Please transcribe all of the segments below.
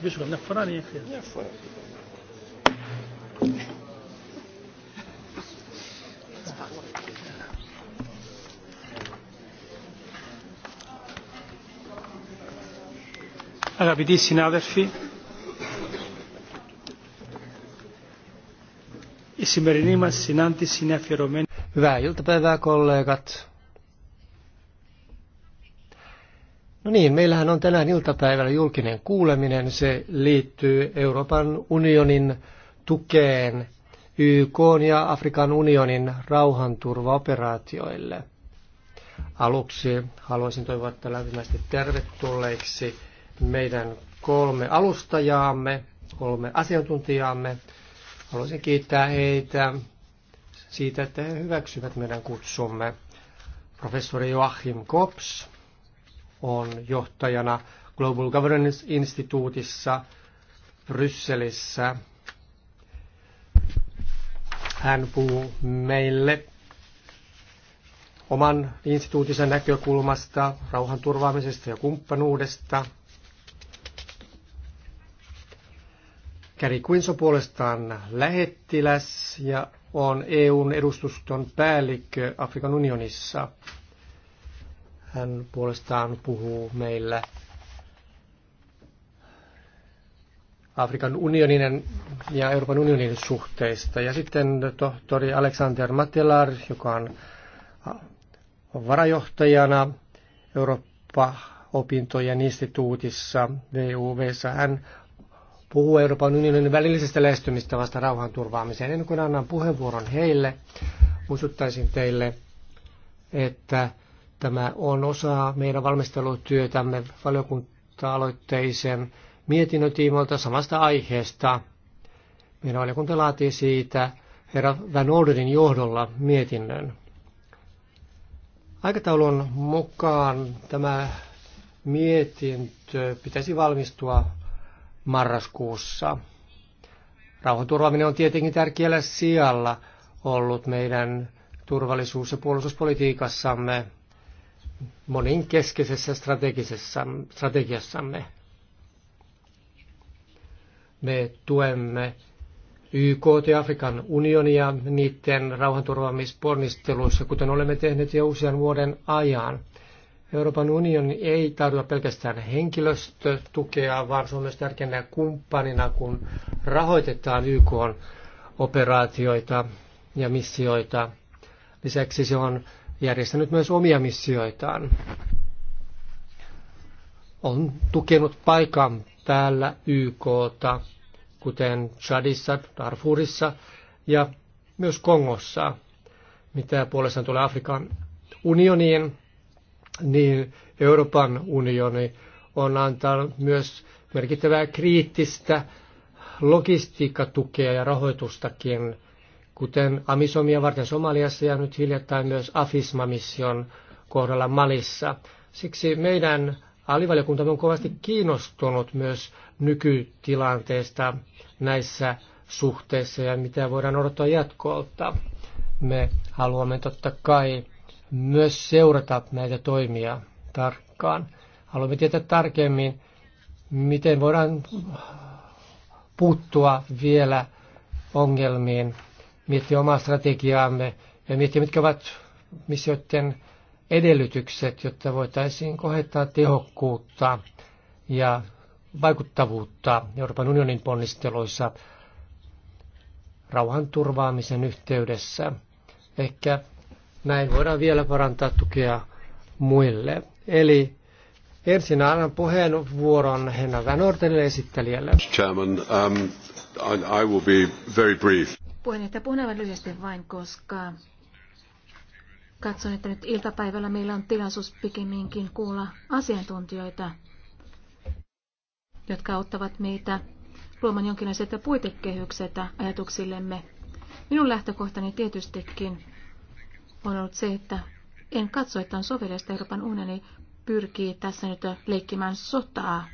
ti biex għamna f-farani. Αγαπητοί συνάδελφοι, η σημερινή μας συνάντηση είναι αφιερωμένη. Hyvää iltapäivää kollegat. No niin, meillähän on tänään iltapäivällä julkinen kuuleminen. Se liittyy Euroopan unionin tukeen YK ja Afrikan unionin rauhanturvaoperaatioille. Aluksi haluaisin toivottaa lämpimästi tervetulleiksi meidän kolme alustajaamme, kolme asiantuntijaamme. Haluaisin kiittää heitä siitä, että he hyväksyvät meidän kutsumme. Professori Joachim Kops, on johtajana Global Governance Instituutissa Brysselissä. Hän puhuu meille oman instituutisen näkökulmasta, rauhanturvaamisesta ja kumppanuudesta. Käri Quinso puolestaan lähettiläs ja on EUn edustuston päällikkö Afrikan unionissa. Hän puolestaan puhuu meillä Afrikan unionin ja Euroopan unionin suhteista. Ja sitten tohtori Alexander Matelar, joka on varajohtajana Eurooppa-opintojen instituutissa VUVssa. Hän puhuu Euroopan unionin välillisestä lähestymistä vasta rauhanturvaamiseen. Ennen kuin annan puheenvuoron heille, muistuttaisin teille, että Tämä on osa meidän valmistelutyötämme valiokunta-aloitteisen mietinnön tiimoilta samasta aiheesta. Meidän valiokunta laatii siitä herra Van Ordenin johdolla mietinnön. Aikataulun mukaan tämä mietintö pitäisi valmistua marraskuussa. Rauhanturvaaminen on tietenkin tärkeällä sijalla ollut meidän turvallisuus- ja puolustuspolitiikassamme keskeisessä strategisessa, strategiassamme. Me tuemme YK ja Afrikan unionia niiden rauhanturvaamisponnisteluissa, kuten olemme tehneet jo usean vuoden ajan. Euroopan unioni ei tarjoa pelkästään henkilöstötukea, vaan se on myös tärkeänä kumppanina, kun rahoitetaan YK operaatioita ja missioita. Lisäksi se on järjestänyt myös omia missioitaan. On tukenut paikan päällä YKta, kuten Chadissa, Darfurissa ja myös Kongossa. Mitä puolestaan tulee Afrikan unioniin, niin Euroopan unioni on antanut myös merkittävää kriittistä logistiikkatukea ja rahoitustakin kuten Amisomia varten Somaliassa ja nyt hiljattain myös AFISMA-mission kohdalla Malissa. Siksi meidän alivaliokuntamme on kovasti kiinnostunut myös nykytilanteesta näissä suhteissa ja mitä voidaan odottaa jatkolta. Me haluamme totta kai myös seurata näitä toimia tarkkaan. Haluamme tietää tarkemmin, miten voidaan puuttua vielä ongelmiin miettiä omaa strategiaamme ja miettiä, mitkä ovat missioiden edellytykset, jotta voitaisiin kohettaa tehokkuutta ja vaikuttavuutta Euroopan unionin ponnisteluissa rauhanturvaamisen yhteydessä. Ehkä näin voidaan vielä parantaa tukea muille. Eli ensin annan puheenvuoron Henna Vänortelle esittelijälle. Chairman, um, I, I will be very brief. Puheenjohtaja, puhun aivan lyhyesti vain, koska katson, että nyt iltapäivällä meillä on tilaisuus pikemminkin kuulla asiantuntijoita, jotka auttavat meitä luomaan jonkinlaiset puitekehykset ajatuksillemme. Minun lähtökohtani tietystikin on ollut se, että en katso, että on sovellista Euroopan unioni pyrkii tässä nyt leikkimään sotaa.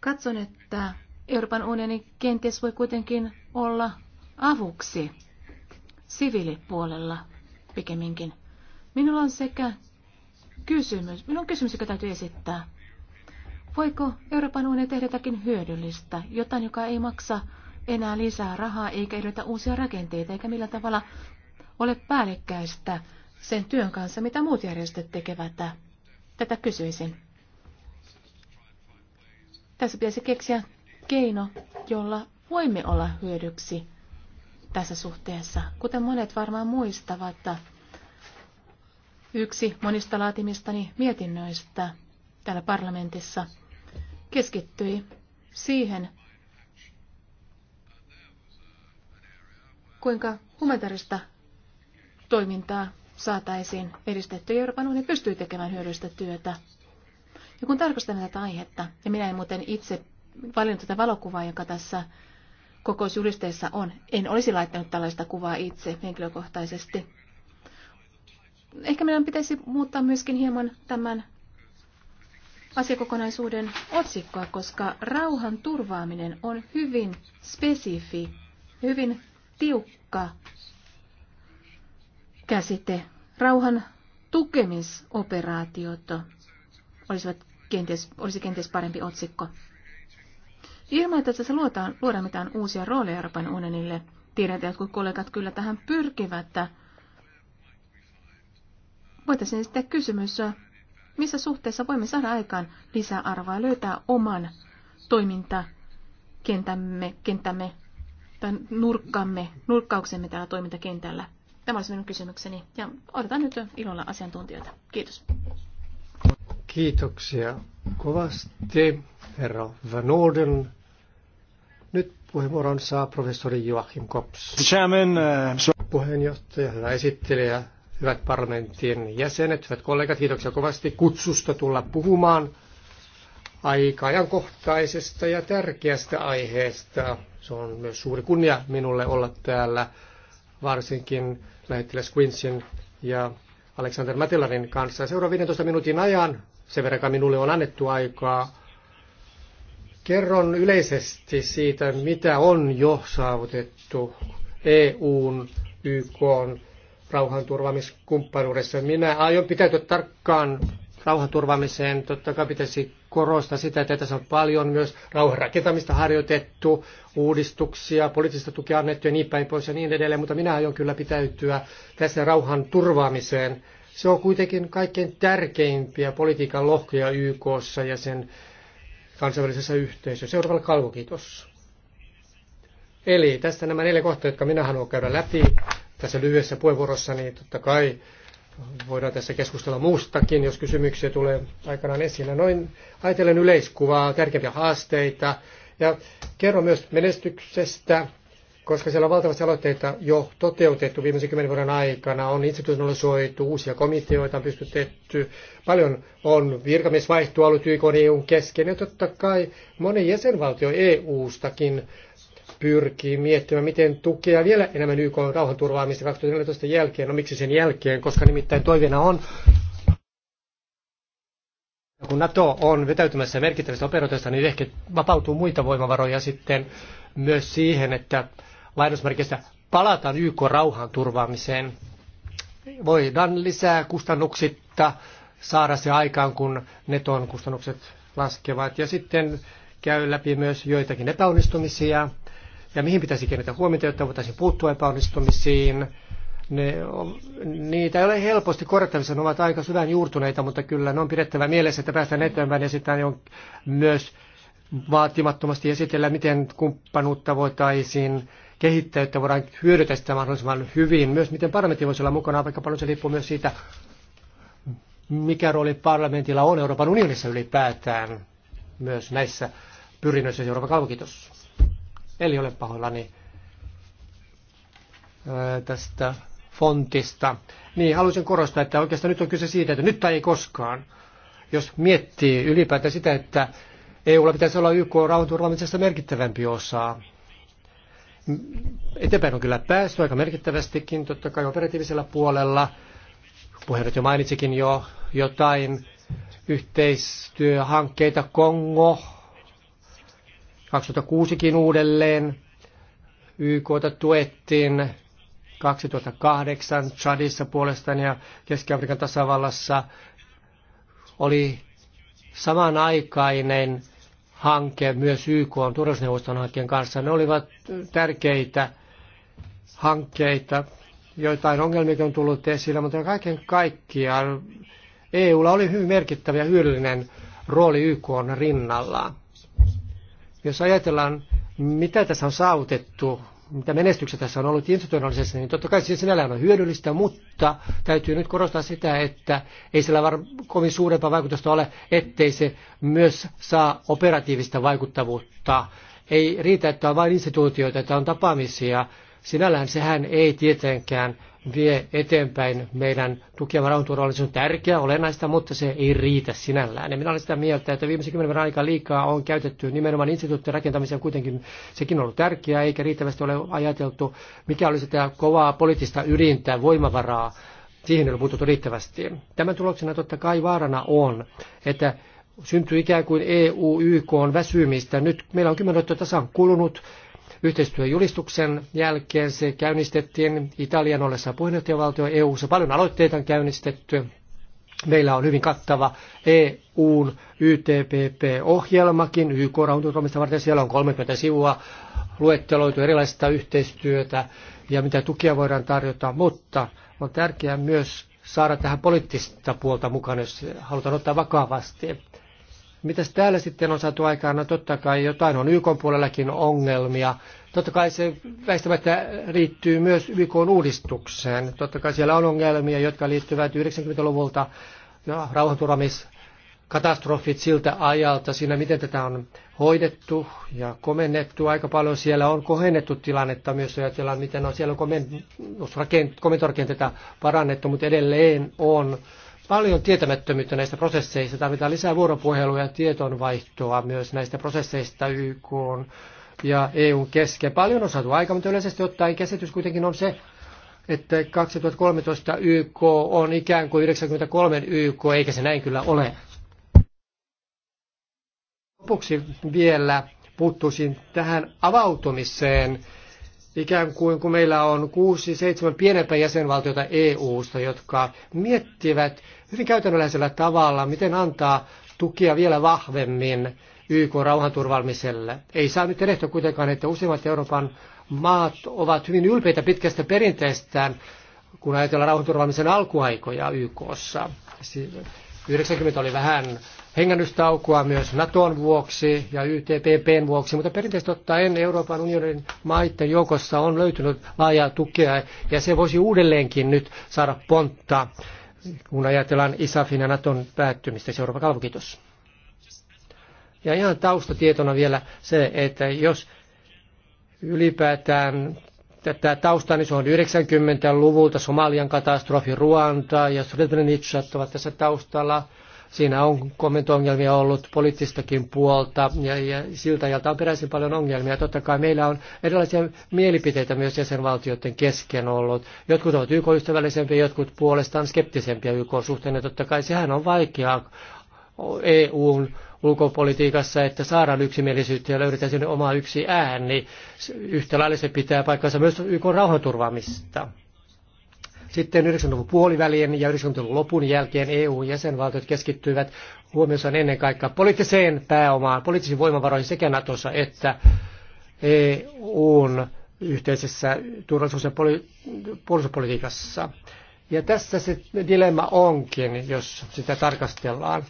Katson, että Euroopan unioni kenties voi kuitenkin olla avuksi siviilipuolella pikemminkin. Minulla on sekä kysymys, minun kysymys, joka täytyy esittää. Voiko Euroopan unioni tehdä jotakin hyödyllistä, jotain, joka ei maksa enää lisää rahaa eikä edellytä uusia rakenteita eikä millä tavalla ole päällekkäistä sen työn kanssa, mitä muut järjestöt tekevät? Tätä kysyisin. Tässä pitäisi keksiä keino, jolla voimme olla hyödyksi tässä suhteessa. Kuten monet varmaan muistavat, yksi monista laatimistani mietinnöistä täällä parlamentissa keskittyi siihen, kuinka humanitaarista toimintaa saataisiin edistettyä. Euroopan unioni pystyy tekemään hyödyllistä työtä. Ja kun tarkastelen tätä aihetta, ja minä en muuten itse valinnut tätä valokuvaa, joka tässä kokousjulisteessa on. En olisi laittanut tällaista kuvaa itse henkilökohtaisesti. Ehkä meidän pitäisi muuttaa myöskin hieman tämän asiakokonaisuuden otsikkoa, koska rauhan turvaaminen on hyvin spesifi, hyvin tiukka käsite. Rauhan tukemisoperaatiot olisivat kenties, olisi kenties parempi otsikko. Ilman, että tässä luotaan, luodaan mitään uusia rooleja Euroopan unionille, tiedän, että jotkut kollegat kyllä tähän pyrkivät, voitaisiin sitten kysymys, missä suhteessa voimme saada aikaan lisäarvoa ja löytää oman toimintakentämme kentämme, tai nurkkamme, nurkkauksemme täällä toimintakentällä. Tämä olisi minun kysymykseni ja odotan nyt ilolla asiantuntijoita. Kiitos. Kiitoksia kovasti, herra Van Orden. Nyt puheenvuoron saa professori Joachim Kops. Chairman, uh... Puheenjohtaja, hyvä esittelijä, hyvät parlamentin jäsenet, hyvät kollegat, kiitoksia kovasti kutsusta tulla puhumaan aika ajankohtaisesta ja tärkeästä aiheesta. Se on myös suuri kunnia minulle olla täällä, varsinkin lähettiläs Quincyn ja Alexander Mätelärin kanssa. Seuraavan 15 minuutin ajan, sen verran minulle on annettu aikaa, Kerron yleisesti siitä, mitä on jo saavutettu EUn, YK rauhanturvaamiskumppanuudessa. Minä aion pitäytyä tarkkaan rauhanturvaamiseen. Totta kai pitäisi korostaa sitä, että tässä on paljon myös rauhanrakentamista harjoitettu, uudistuksia, poliittista tukea annettu ja niin päin pois ja niin edelleen, mutta minä aion kyllä pitäytyä tässä rauhan turvaamiseen. Se on kuitenkin kaikkein tärkeimpiä politiikan lohkoja YKssa ja sen kansainvälisessä yhteisössä. Seuraavalla kalvo, kiitos. Eli tästä nämä neljä kohtaa, jotka minä haluan käydä läpi tässä lyhyessä puheenvuorossa, niin totta kai voidaan tässä keskustella muustakin, jos kysymyksiä tulee aikanaan esiin. Noin ajatellen yleiskuvaa, tärkeimpiä haasteita ja kerro myös menestyksestä koska siellä on valtavasti aloitteita jo toteutettu viimeisen kymmenen vuoden aikana, on institutionalisoitu, uusia komiteoita on pystytetty, paljon on virkamiesvaihtoa ollut YK EUn kesken, ja totta kai moni jäsenvaltio EU-stakin pyrkii miettimään, miten tukea vielä enemmän YK rauhanturvaamista 2014 jälkeen. No miksi sen jälkeen, koska nimittäin toiveena on kun NATO on vetäytymässä merkittävistä operaatioista, niin ehkä vapautuu muita voimavaroja sitten myös siihen, että lainausmerkeissä palataan YK rauhan turvaamiseen. Voidaan lisää kustannuksitta saada se aikaan, kun neton kustannukset laskevat. Ja sitten käy läpi myös joitakin epäonnistumisia ja mihin pitäisi kiinnittää huomiota, jotta voitaisiin puuttua epäonnistumisiin. Ne, niitä ei ole helposti korjattavissa, ne ovat aika syvään juurtuneita, mutta kyllä ne on pidettävä mielessä, että päästään eteenpäin ja sitten on myös vaatimattomasti esitellä, miten kumppanuutta voitaisiin kehittää, että voidaan hyödytä sitä mahdollisimman hyvin. Myös miten parlamentti voisi olla mukana, vaikka paljon se riippuu myös siitä, mikä rooli parlamentilla on Euroopan unionissa ylipäätään myös näissä pyrinnöissä Euroopan kaupunkitos. Eli ole pahoillani tästä fontista. Niin, haluaisin korostaa, että oikeastaan nyt on kyse siitä, että nyt tai ei koskaan. Jos miettii ylipäätään sitä, että EUlla pitäisi olla YK rauhanturvaamisesta merkittävämpi osa, Eteenpäin on kyllä päästy aika merkittävästikin, totta kai operatiivisella puolella. Puheenjohtaja mainitsikin jo jotain yhteistyöhankkeita Kongo, 2006kin uudelleen. YK tuettiin 2008 Chadissa puolestaan ja Keski-Afrikan tasavallassa oli samanaikainen hanke myös YK on turvallisuusneuvoston hankkeen kanssa. Ne olivat tärkeitä hankkeita. Joitain ongelmia on tullut esille, mutta kaiken kaikkiaan EUlla oli hyvin merkittävä ja hyödyllinen rooli YK on rinnalla. Jos ajatellaan, mitä tässä on saavutettu mitä menestykset tässä on ollut institutionaalisessa, niin totta kai se sinällään on hyödyllistä, mutta täytyy nyt korostaa sitä, että ei sillä var- kovin suurempaa vaikutusta ole, ettei se myös saa operatiivista vaikuttavuutta. Ei riitä, että on vain instituutioita, että on tapaamisia. Sinällään sehän ei tietenkään vie eteenpäin meidän tuki- ja on tärkeä, olennaista, mutta se ei riitä sinällään. Ja minä olen sitä mieltä, että viimeisen kymmenen vuoden aikaa liikaa on käytetty nimenomaan instituutteen rakentamiseen kuitenkin sekin on ollut tärkeää, eikä riittävästi ole ajateltu, mikä olisi tämä kovaa poliittista ydintä, voimavaraa, siihen ei ole riittävästi. Tämän tuloksena totta kai vaarana on, että syntyy ikään kuin EU-YK on väsymistä. Nyt meillä on kymmenen vuotta tasan kulunut Yhteistyöjulistuksen jälkeen se käynnistettiin Italian ollessa puheenjohtajavaltio EU-ssa. Paljon aloitteita on käynnistetty. Meillä on hyvin kattava EUn YTPP-ohjelmakin YK-rauhoitusomista varten. Siellä on 30 sivua luetteloitu erilaista yhteistyötä ja mitä tukia voidaan tarjota, mutta on tärkeää myös saada tähän poliittista puolta mukaan, jos halutaan ottaa vakavasti. Mitäs täällä sitten on saatu aikaan? No totta kai jotain on YK puolellakin ongelmia. Totta kai se väistämättä riittyy myös YK uudistukseen. Totta kai siellä on ongelmia, jotka liittyvät 90-luvulta ja rauhanturamiskatastrofit siltä ajalta, siinä miten tätä on hoidettu ja komennettu. Aika paljon siellä on kohennettu tilannetta myös, ajatellaan miten on siellä on komentorakenteita parannettu, mutta edelleen on paljon tietämättömyyttä näistä prosesseista. Tarvitaan lisää vuoropuhelua ja tietonvaihtoa myös näistä prosesseista YK ja EUn kesken. Paljon on saatu aikaa, mutta yleisesti ottaen käsitys kuitenkin on se, että 2013 YK on ikään kuin 93 YK, eikä se näin kyllä ole. Lopuksi vielä puuttuisin tähän avautumiseen. Ikään kuin kun meillä on kuusi, seitsemän pienempää jäsenvaltiota EU-sta, jotka miettivät hyvin käytännöllisellä tavalla, miten antaa tukia vielä vahvemmin YK rauhanturvalmiselle. Ei saa nyt erehtyä kuitenkaan, että useimmat Euroopan maat ovat hyvin ylpeitä pitkästä perinteestään, kun ajatellaan rauhanturvaamisen alkuaikoja YKssa. 90 oli vähän hengännystaukoa myös Naton vuoksi ja YTPPn vuoksi, mutta perinteisesti ottaen Euroopan unionin maiden joukossa on löytynyt laajaa tukea ja se voisi uudelleenkin nyt saada pontta kun ajatellaan ISAFin ja Naton päättymistä. Seuraava kalvo, kiitos. Ja ihan taustatietona vielä se, että jos ylipäätään tätä taustaa, niin se on 90-luvulta Somalian katastrofi, Ruanda ja Srebrenica ovat tässä taustalla. Siinä on kommentoongelmia ollut poliittistakin puolta ja, ja siltä ajalta on peräisin paljon ongelmia. Totta kai meillä on erilaisia mielipiteitä myös jäsenvaltioiden kesken ollut. Jotkut ovat YK-ystävällisempiä, jotkut puolestaan skeptisempiä YK-suhteen. totta kai sehän on vaikeaa EUn ulkopolitiikassa, että saadaan yksimielisyyttä ja löydetään sinne oma yksi ääni. Yhtä lailla se pitää paikkansa myös YK rauhanturvaamista sitten 90-luvun puolivälien ja 90-luvun lopun jälkeen EU-jäsenvaltiot keskittyivät huomioon ennen kaikkea poliittiseen pääomaan, poliittisiin voimavaroihin sekä Natossa että EUn yhteisessä turvallisuus- ja poli- puolustuspolitiikassa. Ja tässä se dilemma onkin, jos sitä tarkastellaan.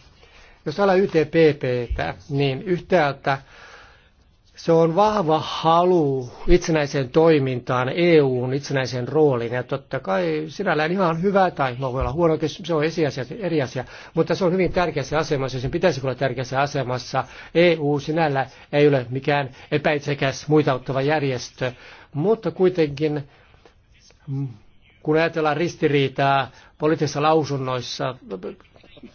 Jos ala YTPPtä, niin yhtäältä se on vahva halu itsenäiseen toimintaan, EUn itsenäiseen rooliin. Ja totta kai sinällään ihan hyvä tai no voi olla huono, se on esiasia, eri asia. Mutta se on hyvin tärkeässä asemassa ja sen pitäisi olla tärkeässä asemassa. EU sinällä ei ole mikään epäitsekäs muitauttava järjestö. Mutta kuitenkin mm, kun ajatellaan ristiriitaa poliittisissa lausunnoissa,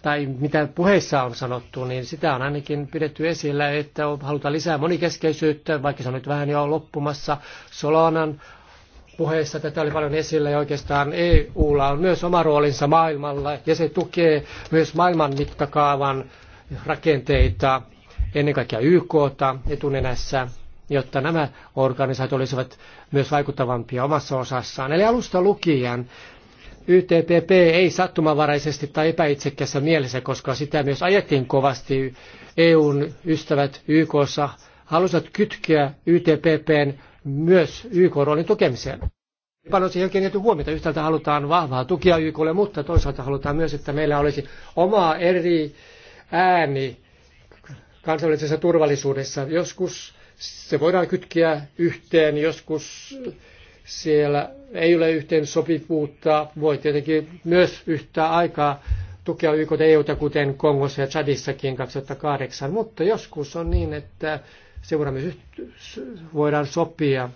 tai mitä puheissa on sanottu, niin sitä on ainakin pidetty esillä, että halutaan lisää monikeskeisyyttä, vaikka se on nyt vähän jo loppumassa. Solanan puheessa tätä oli paljon esillä ja oikeastaan EUlla on myös oma roolinsa maailmalla ja se tukee myös maailman mittakaavan rakenteita, ennen kaikkea YKta etunenässä, jotta nämä organisaatiot olisivat myös vaikuttavampia omassa osassaan. Eli alusta lukien YTPP ei sattumavaraisesti tai epäitsekkässä mielessä, koska sitä myös ajettiin kovasti. EUn ystävät YKssa halusivat kytkeä YTPPn myös YK-roolin tukemiseen. Paljon siihen kiinnitetty huomiota. Yhtäältä halutaan vahvaa tukea YKlle, mutta toisaalta halutaan myös, että meillä olisi oma eri ääni kansainvälisessä turvallisuudessa. Joskus se voidaan kytkeä yhteen, joskus siellä ei ole yhteen sopivuutta. Voi tietenkin myös yhtä aikaa tukea YK EUta, kuten Kongossa ja Chadissakin 2008, mutta joskus on niin, että seuraamme voidaan sopia.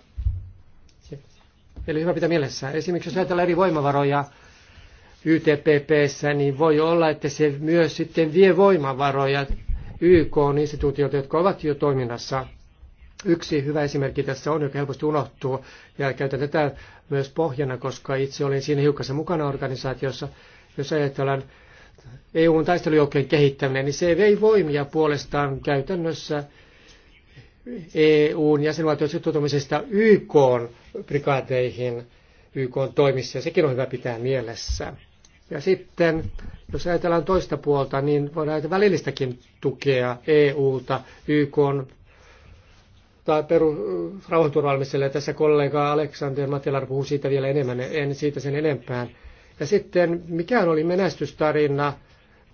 Eli hyvä pitää mielessä. Esimerkiksi jos ajatellaan eri voimavaroja YTPPssä, niin voi olla, että se myös sitten vie voimavaroja YK-instituutioilta, jotka ovat jo toiminnassa Yksi hyvä esimerkki tässä on, joka helposti unohtuu, ja käytän tätä myös pohjana, koska itse olin siinä hiukkasen mukana organisaatiossa, jos ajatellaan EUn taistelujoukkojen kehittäminen, niin se vei voimia puolestaan käytännössä EUn jäsenvaltion sitoutumisesta YKn prikaateihin YKn toimissa, ja sekin on hyvä pitää mielessä. Ja sitten, jos ajatellaan toista puolta, niin voidaan ajatella välillistäkin tukea EUlta YK tai peru, rauhanturvalmiselle. Tässä kollega Aleksander Matilar puhuu siitä vielä enemmän, en siitä sen enempään. Ja sitten, mikä oli menestystarina,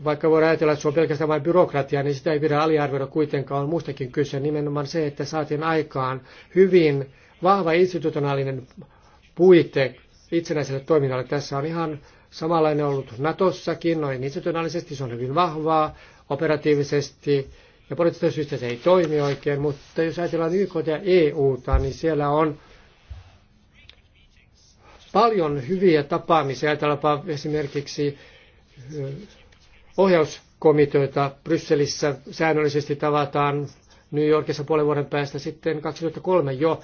vaikka voidaan ajatella, että se on pelkästään vain byrokratia, niin sitä ei pidä aliarvioida kuitenkaan, on muustakin kyse. Nimenomaan se, että saatiin aikaan hyvin vahva institutionaalinen puite itsenäiselle toiminnalle. Tässä on ihan samanlainen ollut Natossakin, noin institutionaalisesti se on hyvin vahvaa, operatiivisesti ja poliittisesta syystä se ei toimi oikein, mutta jos ajatellaan YK ja EUta, niin siellä on paljon hyviä tapaamisia. Ajatellaanpa esimerkiksi ohjauskomiteoita Brysselissä säännöllisesti tavataan New Yorkissa puolen vuoden päästä sitten 2003 jo,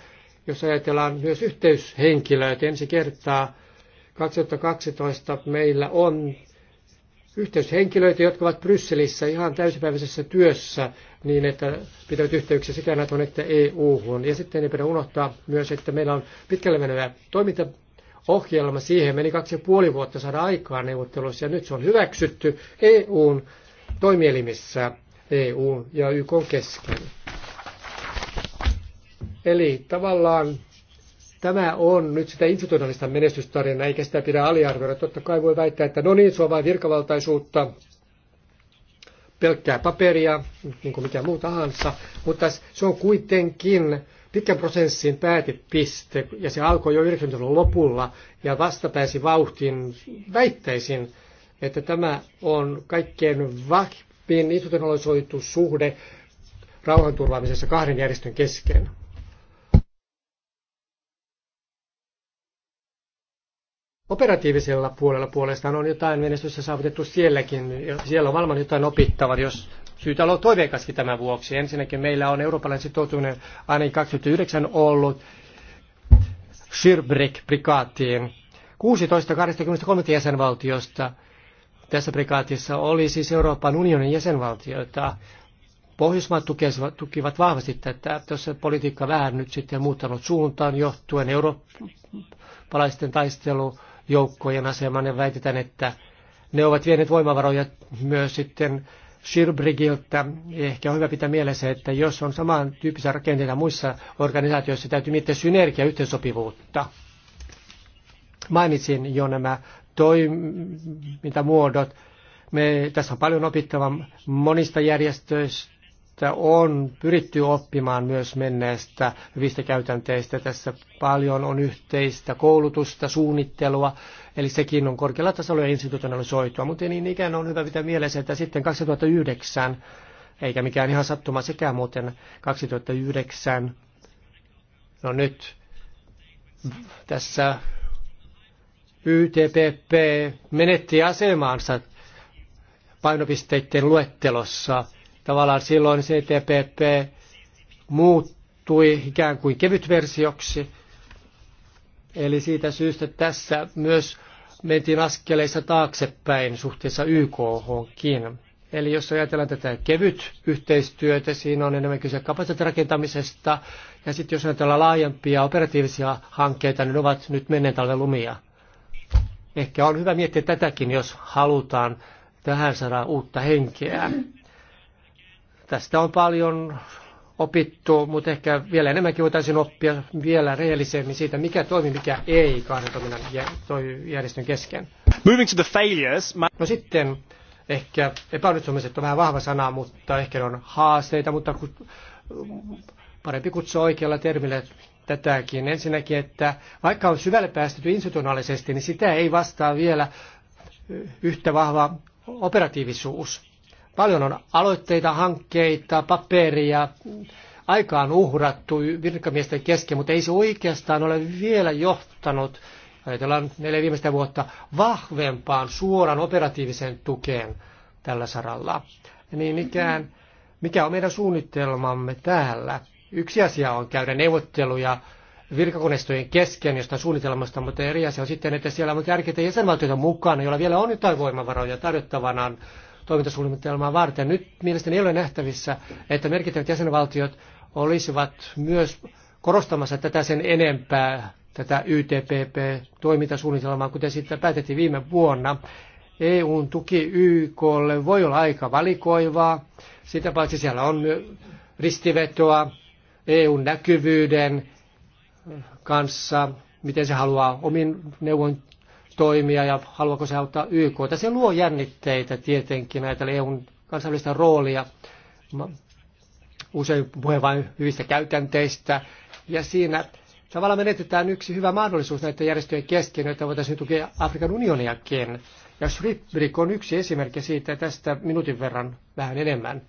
jos ajatellaan myös yhteyshenkilöitä ensi kertaa 2012 meillä on yhteyshenkilöitä, jotka ovat Brysselissä ihan täysipäiväisessä työssä niin, että pitävät yhteyksiä sekä NATOon että EU-hun. Ja sitten ei pidä unohtaa myös, että meillä on pitkälle menevä toimintaohjelma. Siihen meni kaksi ja puoli vuotta saada aikaa neuvotteluissa ja nyt se on hyväksytty EUn toimielimissä EU ja YK kesken. Eli tavallaan tämä on nyt sitä institutionaalista menestystarinaa, eikä sitä pidä aliarvioida. Totta kai voi väittää, että no niin, se on vain virkavaltaisuutta, pelkkää paperia, niin kuin mikä muu tahansa, mutta se on kuitenkin pitkän prosessin päätepiste, ja se alkoi jo 90-luvun lopulla, ja vasta pääsi vauhtiin. Väittäisin, että tämä on kaikkein vahvin institutionalisoitu suhde rauhanturvaamisessa kahden järjestön kesken. Operatiivisella puolella puolestaan on jotain menestystä saavutettu sielläkin. Siellä on varmaan jotain opittavaa, jos syytä olla toiveikaskin tämän vuoksi. Ensinnäkin meillä on eurooppalainen sitoutuminen ainakin 29 ollut Schirbrek-prikaatiin. 16-23 jäsenvaltiosta tässä prikaatissa oli siis Euroopan unionin jäsenvaltioita. Pohjoismaat tukesivat, tukivat vahvasti tätä. Tuossa politiikka vähän nyt sitten muuttanut suuntaan johtuen eurooppalaisten taistelu joukkojen aseman ja väitetään, että ne ovat vieneet voimavaroja myös sitten Shirbrigiltä. Ehkä on hyvä pitää mielessä, että jos on samantyyppisiä rakenteita muissa organisaatioissa, täytyy miettiä synergia yhteensopivuutta. Mainitsin jo nämä toimintamuodot. Me, tässä on paljon opittavaa monista järjestöistä että on pyritty oppimaan myös menneestä hyvistä käytänteistä. Tässä paljon on yhteistä koulutusta, suunnittelua, eli sekin on korkealla tasolla ja institutionalisoitua. Mutta niin ikään on hyvä pitää mielessä, että sitten 2009, eikä mikään ihan sattuma sekään muuten, 2009, no nyt tässä YTPP menetti asemaansa painopisteiden luettelossa – Tavallaan silloin CTPP muuttui ikään kuin kevytversioksi. Eli siitä syystä tässä myös mentiin askeleissa taaksepäin suhteessa YKHkin. Eli jos ajatellaan tätä kevyt yhteistyötä, siinä on enemmän kyse kapasiteettirakentamisesta. Ja sitten jos ajatellaan laajempia operatiivisia hankkeita, niin ne ovat nyt menneen talven lumia. Ehkä on hyvä miettiä tätäkin, jos halutaan tähän saada uutta henkeä. Tästä on paljon opittu, mutta ehkä vielä enemmänkin voitaisiin oppia vielä rehellisemmin siitä, mikä toimi, mikä ei kahden toiminnan järjestön kesken. Moving to the failures. No sitten ehkä epäonnistumiset on vähän vahva sana, mutta ehkä ne on haasteita, mutta kun, parempi kutsua oikealla termillä tätäkin. Ensinnäkin, että vaikka on syvälle päästetty institutionaalisesti, niin sitä ei vastaa vielä yhtä vahva operatiivisuus. Paljon on aloitteita, hankkeita, paperia, aikaan uhrattu virkamiesten kesken, mutta ei se oikeastaan ole vielä johtanut, ajatellaan neljä viimeistä vuotta, vahvempaan suoran operatiiviseen tukeen tällä saralla. Niin ikään, mikä on meidän suunnitelmamme täällä? Yksi asia on käydä neuvotteluja virkakoneistojen kesken josta suunnitelmasta, mutta eri asia on sitten, että siellä on tärkeitä jäsenvaltioita mukana, joilla vielä on jotain voimavaroja tarjottavanaan toimintasuunnitelmaa varten. Nyt mielestäni ei ole nähtävissä, että merkittävät jäsenvaltiot olisivat myös korostamassa tätä sen enempää, tätä YTPP-toimintasuunnitelmaa, kuten sitten päätettiin viime vuonna. EUn tuki YKlle voi olla aika valikoivaa, sitä paitsi siellä on ristivetoa EUn näkyvyyden kanssa, miten se haluaa omin neuvon toimia ja haluaako se auttaa YK. Se luo jännitteitä tietenkin, mä ajatellen EUn kansainvälistä roolia. Usein puhe vain hyvistä käytänteistä. Ja siinä tavallaan menetetään yksi hyvä mahdollisuus näiden järjestöjen kesken, joita voitaisiin tukea Afrikan unioniakin. Ja Shripbrik on yksi esimerkki siitä tästä minuutin verran vähän enemmän.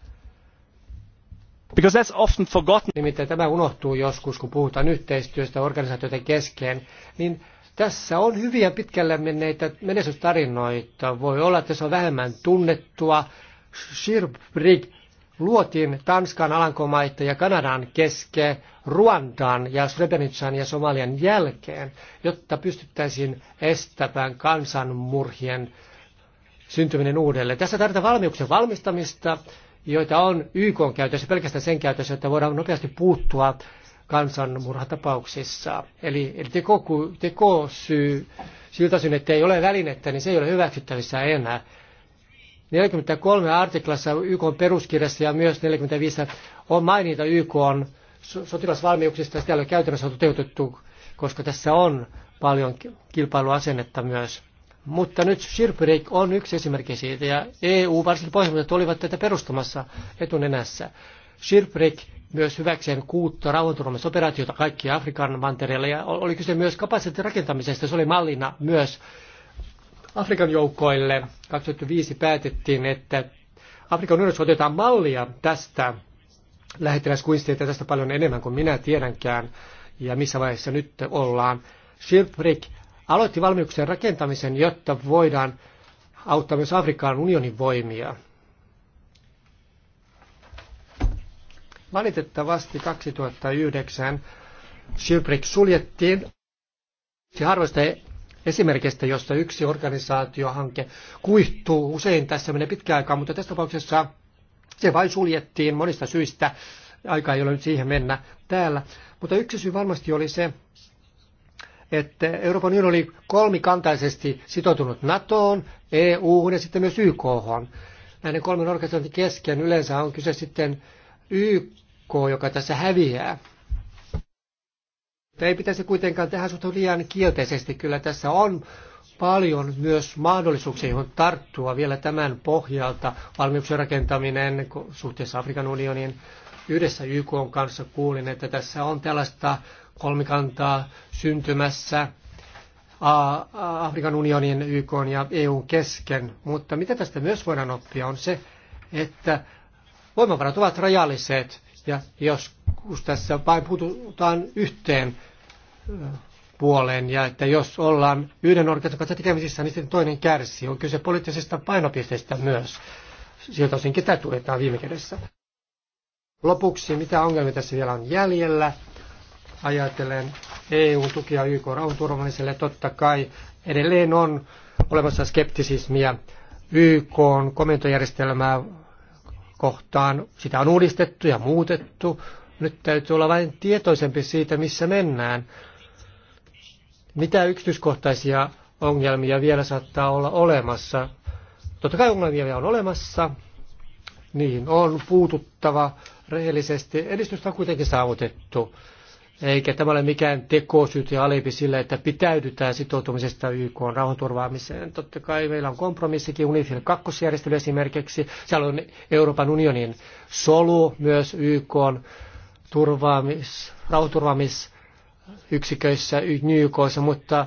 Because that's often forgotten. Nimittäin tämä unohtuu joskus, kun puhutaan yhteistyöstä organisaatioiden kesken, niin tässä on hyviä pitkälle menneitä menestystarinoita. Voi olla, että se on vähemmän tunnettua. Shirbrig luotiin Tanskan, Alankomaita ja Kanadan keske Ruandan ja Srebrenican ja Somalian jälkeen, jotta pystyttäisiin estämään kansanmurhien syntyminen uudelleen. Tässä tarvitaan valmiuksien valmistamista, joita on YK on käytössä, pelkästään sen käytössä, että voidaan nopeasti puuttua kansanmurhatapauksissa. Eli, eli teko syy, siltä syyn, että ei ole välinettä, niin se ei ole hyväksyttävissä enää. 43 artiklassa YK on peruskirjassa ja myös 45 on maininta YK on sotilasvalmiuksista, sitä ei ole käytännössä toteutettu, koska tässä on paljon kilpailuasennetta myös. Mutta nyt Shirbrek on yksi esimerkki siitä, ja EU, varsinkin pohjoismaat, olivat tätä perustamassa etunenässä. Shirbrek myös hyväkseen kuutta rauhanturvallisuusoperaatiota kaikki Afrikan mantereella ja oli kyse myös kapasiteetin rakentamisesta. Se oli mallina myös Afrikan joukkoille. 2005 päätettiin, että Afrikan unionissa otetaan mallia tästä lähettiläskuisteita tästä paljon enemmän kuin minä tiedänkään ja missä vaiheessa nyt ollaan. Shirbrick aloitti valmiuksien rakentamisen, jotta voidaan auttaa myös Afrikan unionin voimia. Valitettavasti 2009 Shiprik suljettiin. harvoista esimerkistä, josta yksi organisaatiohanke kuihtuu. Usein tässä menee pitkä aikaa, mutta tässä tapauksessa se vain suljettiin monista syistä. Aika ei ole nyt siihen mennä täällä. Mutta yksi syy varmasti oli se, että Euroopan unioni oli kolmikantaisesti sitoutunut NATOon, eu ja sitten myös YKhon. Näiden kolmen organisaation kesken yleensä on kyse sitten YK joukko, joka tässä häviää. Mutta ei pitäisi kuitenkaan tehdä suhtaan liian kielteisesti. Kyllä tässä on paljon myös mahdollisuuksia, johon tarttua vielä tämän pohjalta. Valmiuksen rakentaminen suhteessa Afrikan unionin yhdessä YK on kanssa kuulin, että tässä on tällaista kolmikantaa syntymässä Afrikan unionin, YK ja EUn kesken. Mutta mitä tästä myös voidaan oppia on se, että voimavarat ovat rajalliset. Ja joskus tässä vain puututaan yhteen puoleen ja että jos ollaan yhden organisaation kanssa tekemisissä, niin sitten toinen kärsii. On kyse poliittisesta painopisteestä myös. Siltä osin ketä tuetaan viime kädessä. Lopuksi, mitä ongelmia tässä vielä on jäljellä? Ajatellen EU-tukia YK rauhanturvalliselle. Totta kai edelleen on olemassa skeptisismiä YK komentojärjestelmää kohtaan. Sitä on uudistettu ja muutettu. Nyt täytyy olla vain tietoisempi siitä, missä mennään. Mitä yksityiskohtaisia ongelmia vielä saattaa olla olemassa? Totta kai ongelmia vielä on olemassa. Niin, on puututtava rehellisesti. Edistystä on kuitenkin saavutettu. Eikä tämä ole mikään tekosyyt ja alibi sille, että pitäydytään sitoutumisesta YK on rauhanturvaamiseen. Totta kai meillä on kompromissikin UNIFIL 2 järjestely esimerkiksi. Siellä on Euroopan unionin solu myös YK on turvaamis, rauhanturvaamisyksiköissä, YK, mutta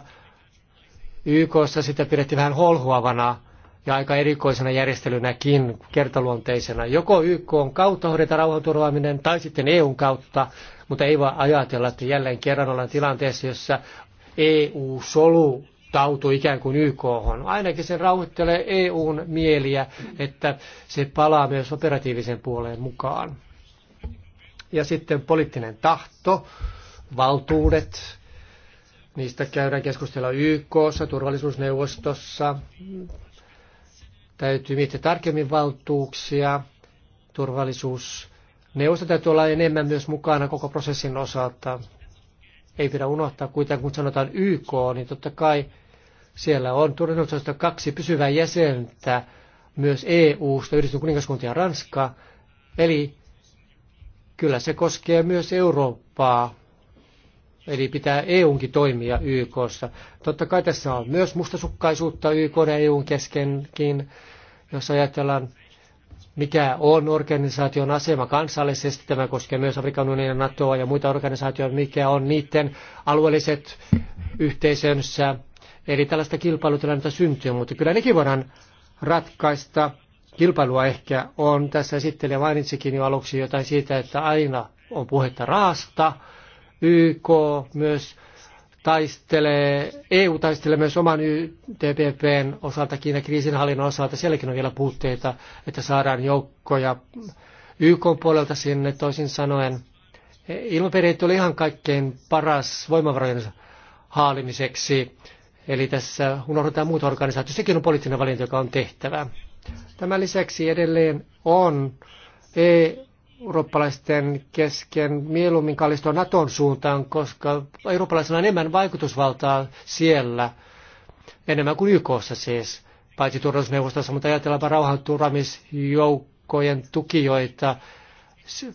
YK sitä pidettiin vähän holhuavana ja aika erikoisena järjestelynäkin kertaluonteisena. Joko YK on kautta hoidetaan rauhanturvaaminen tai sitten EUn kautta, mutta ei voi ajatella, että jälleen kerran ollaan tilanteessa, jossa EU-solu tautuu ikään kuin YK on. Ainakin se rauhoittelee EUn mieliä, että se palaa myös operatiivisen puoleen mukaan. Ja sitten poliittinen tahto, valtuudet, niistä käydään keskustella YKssa, turvallisuusneuvostossa, Täytyy miettiä tarkemmin valtuuksia, turvallisuus. Neuvosto täytyy olla enemmän myös mukana koko prosessin osalta. Ei pidä unohtaa kuitenkin, kun sanotaan YK, niin totta kai siellä on turvallisuudesta kaksi pysyvää jäsentä, myös EU-sta, yhdistetty kuningaskunta ja Ranska. Eli kyllä se koskee myös Eurooppaa, Eli pitää EUnkin toimia YKssa. Totta kai tässä on myös mustasukkaisuutta YK ja EUn keskenkin, jos ajatellaan mikä on organisaation asema kansallisesti, tämä koskee myös Afrikan unionin NATOa ja muita organisaatioita, mikä on niiden alueelliset yhteisönsä. Eli tällaista kilpailutilannetta syntyy, mutta kyllä nekin voidaan ratkaista. Kilpailua ehkä on, tässä esittelijä mainitsikin jo aluksi jotain siitä, että aina on puhetta raasta, YK myös taistelee, EU taistelee myös oman YTPPn osalta, Kiinan kriisinhallinnon osalta. Sielläkin on vielä puutteita, että saadaan joukkoja YK puolelta sinne toisin sanoen. Ilmapereet oli ihan kaikkein paras voimavarojen haalimiseksi. Eli tässä unohdetaan muut organisaatiot. Sekin on poliittinen valinta, joka on tehtävä. Tämän lisäksi edelleen on e eurooppalaisten kesken mieluummin kallistua Naton suuntaan, koska eurooppalaisilla on enemmän vaikutusvaltaa siellä, enemmän kuin YKssa siis, paitsi turvallisuusneuvostossa, mutta ajatellaanpa rauhanturamisjoukkojen tukijoita.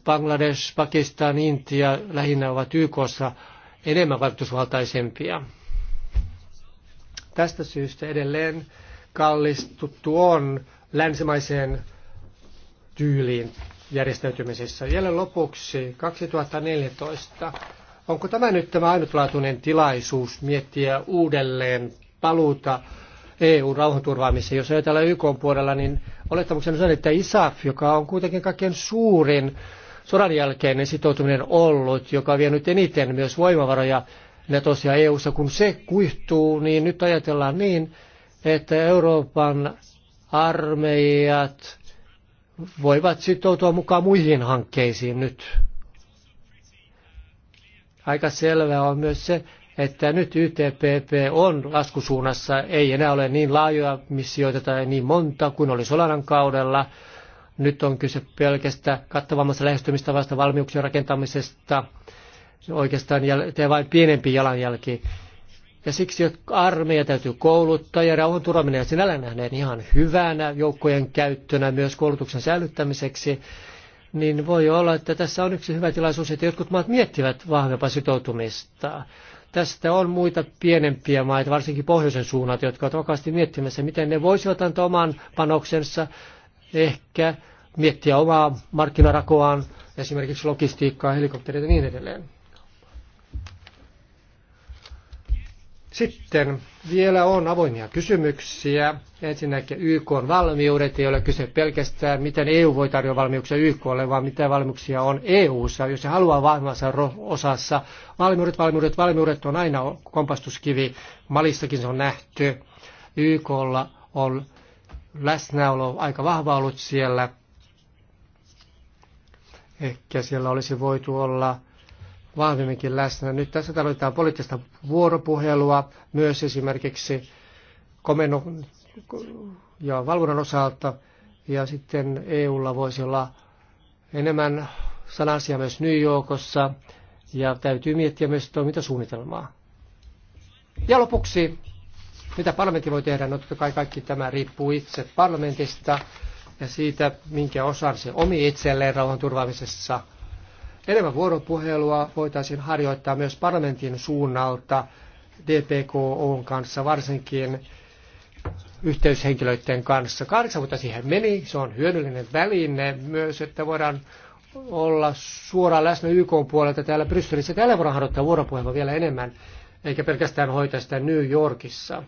Bangladesh, Pakistan, Intia lähinnä ovat YKssa enemmän vaikutusvaltaisempia. Tästä syystä edelleen kallistuttu on länsimaiseen tyyliin järjestäytymisessä. Vielä lopuksi 2014. Onko tämä nyt tämä ainutlaatuinen tilaisuus miettiä uudelleen paluuta EU-rauhanturvaamiseen? Jos ajatellaan YK puolella, niin olettamuksena on, että ISAF, joka on kuitenkin kaikkein suurin sodan jälkeinen sitoutuminen ollut, joka on vienyt eniten myös voimavaroja Natossa ja EUssa, kun se kuihtuu, niin nyt ajatellaan niin, että Euroopan armeijat voivat sitoutua mukaan muihin hankkeisiin nyt. Aika selvää on myös se, että nyt YTPP on laskusuunnassa, ei enää ole niin laajoja missioita tai niin monta kuin oli Solanan kaudella. Nyt on kyse pelkästä kattavammasta lähestymistavasta valmiuksien rakentamisesta. Oikeastaan jäl- vain pienempi jalanjälki ja siksi armeija täytyy kouluttaa ja rauhanturvaminen ja sinällään nähneen ihan hyvänä joukkojen käyttönä myös koulutuksen säilyttämiseksi, niin voi olla, että tässä on yksi hyvä tilaisuus, että jotkut maat miettivät vahvempaa sitoutumista. Tästä on muita pienempiä maita, varsinkin pohjoisen suunnat, jotka ovat vakaasti miettimässä, miten ne voisivat antaa oman panoksensa, ehkä miettiä omaa markkinarakoaan, esimerkiksi logistiikkaa, helikoptereita ja niin edelleen. Sitten vielä on avoimia kysymyksiä. Ensinnäkin YK on valmiudet, ei ole kyse pelkästään, miten EU voi tarjota valmiuksia YKlle, vaan mitä valmiuksia on EUssa, jos se haluaa vahvassa osassa. Valmiudet, valmiudet, valmiudet on aina kompastuskivi. Malissakin se on nähty. YKlla on läsnäolo aika vahva ollut siellä. Ehkä siellä olisi voitu olla vahvemminkin läsnä. Nyt tässä tarvitaan poliittista vuoropuhelua myös esimerkiksi komennon ja valvonnan osalta. Ja sitten EUlla voisi olla enemmän sanasia myös New Yorkissa ja täytyy miettiä myös toimintasuunnitelmaa. Ja lopuksi, mitä parlamentti voi tehdä? No totta kai kaikki tämä riippuu itse parlamentista ja siitä, minkä osan se omi itselleen turvaamisessa – Enemmän vuoropuhelua voitaisiin harjoittaa myös parlamentin suunnalta DPKOn kanssa, varsinkin yhteyshenkilöiden kanssa. Kahdeksan vuotta siihen meni, se on hyödyllinen väline myös, että voidaan olla suoraan läsnä YK puolelta täällä Brysselissä. Täällä voidaan harjoittaa vuoropuhelua vielä enemmän, eikä pelkästään hoitaa sitä New Yorkissa.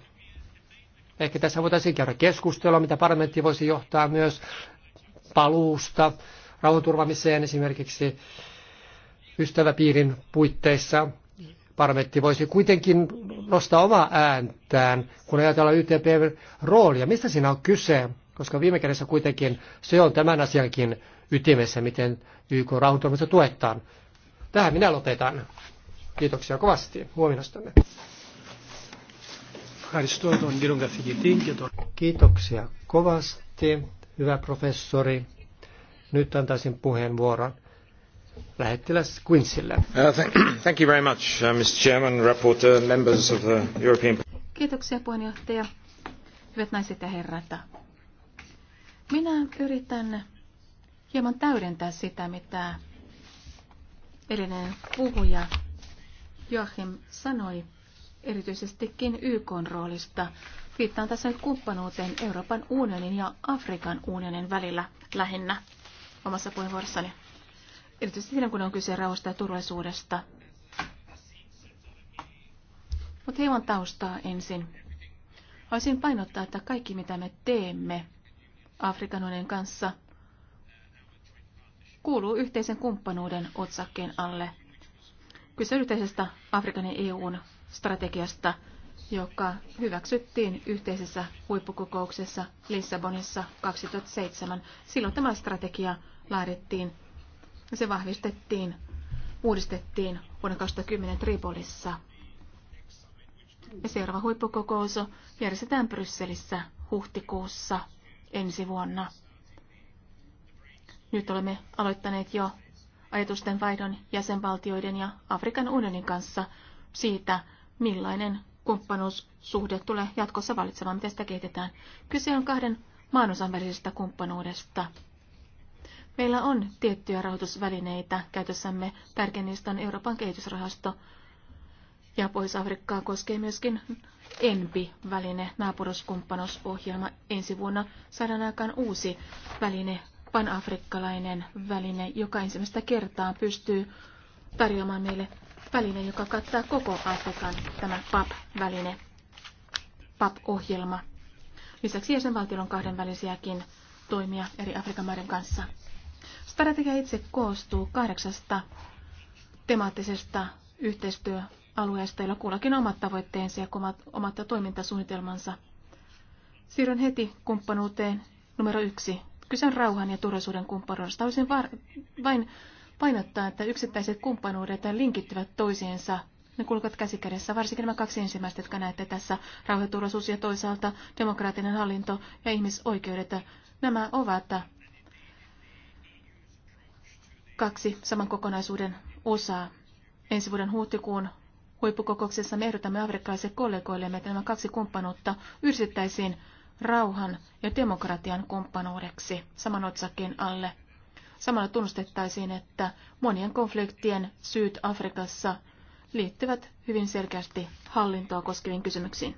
Ehkä tässä voitaisiin käydä keskustelua, mitä parlamentti voisi johtaa myös paluusta rauhanturvamiseen esimerkiksi ystäväpiirin puitteissa parlamentti voisi kuitenkin nostaa omaa ääntään, kun ajatellaan YTPn roolia. Mistä siinä on kyse? Koska viime kädessä kuitenkin se on tämän asiankin ytimessä, miten YK rauhanturvassa tuetaan. Tähän minä lopetan. Kiitoksia kovasti huomiostanne. Kiitoksia kovasti, hyvä professori. Nyt antaisin puheenvuoron lähettiläs Quincylle. Uh, thank you very much, uh, Mr. Chairman, Rapporteur, members of the uh, European... Kiitoksia puheenjohtaja, hyvät naiset ja herrat. Minä yritän hieman täydentää sitä, mitä edellinen puhuja Joachim sanoi erityisestikin YK roolista. Viittaan tässä nyt kumppanuuteen Euroopan unionin ja Afrikan unionin välillä lähinnä omassa puheenvuorossani erityisesti siinä, kun on kyse rauhasta ja turvallisuudesta. Mutta hieman taustaa ensin. Haluaisin painottaa, että kaikki mitä me teemme Afrikan unionin kanssa kuuluu yhteisen kumppanuuden otsakkeen alle. Kyse yhteisestä Afrikan ja EUn strategiasta, joka hyväksyttiin yhteisessä huippukokouksessa Lissabonissa 2007. Silloin tämä strategia laadittiin se vahvistettiin, uudistettiin vuonna 2010 Tripolissa. Ja seuraava huippukokous järjestetään Brysselissä huhtikuussa ensi vuonna. Nyt olemme aloittaneet jo ajatusten vaihdon jäsenvaltioiden ja Afrikan unionin kanssa siitä, millainen kumppanuussuhde tulee jatkossa valitsemaan, miten sitä kehitetään. Kyse on kahden maanosan välisestä kumppanuudesta. Meillä on tiettyjä rahoitusvälineitä käytössämme. Tärkein niistä on Euroopan kehitysrahasto ja Pohjois-Afrikkaa koskee myöskin ENPI-väline, naapuruskumppanuusohjelma. Ensi vuonna saadaan aikaan uusi väline, panafrikkalainen väline, joka ensimmäistä kertaa pystyy tarjoamaan meille väline, joka kattaa koko Afrikan, tämä PAP-väline, PAP-ohjelma. Lisäksi jäsenvaltiolla on kahdenvälisiäkin toimia eri Afrikan maiden kanssa. Strategia itse koostuu kahdeksasta temaattisesta yhteistyöalueesta, joilla kullakin omat tavoitteensa ja omat, omat toimintasuunnitelmansa. Siirryn heti kumppanuuteen numero yksi. Kyse on rauhan ja turvallisuuden kumppanuudesta. Haluaisin vain painottaa, että yksittäiset kumppanuudet linkittyvät toisiinsa. Ne kulkevat käsikädessä, varsinkin nämä kaksi ensimmäistä, jotka näette tässä, rauhaturvallisuus ja toisaalta demokraattinen hallinto ja ihmisoikeudet. Nämä ovat kaksi saman kokonaisuuden osaa. Ensi vuoden huhtikuun huippukokouksessa me ehdotamme afrikkalaisille kollegoillemme, että nämä kaksi kumppanuutta yhdistettäisiin rauhan ja demokratian kumppanuudeksi saman otsakkeen alle. Samalla tunnustettaisiin, että monien konfliktien syyt Afrikassa liittyvät hyvin selkeästi hallintoa koskeviin kysymyksiin.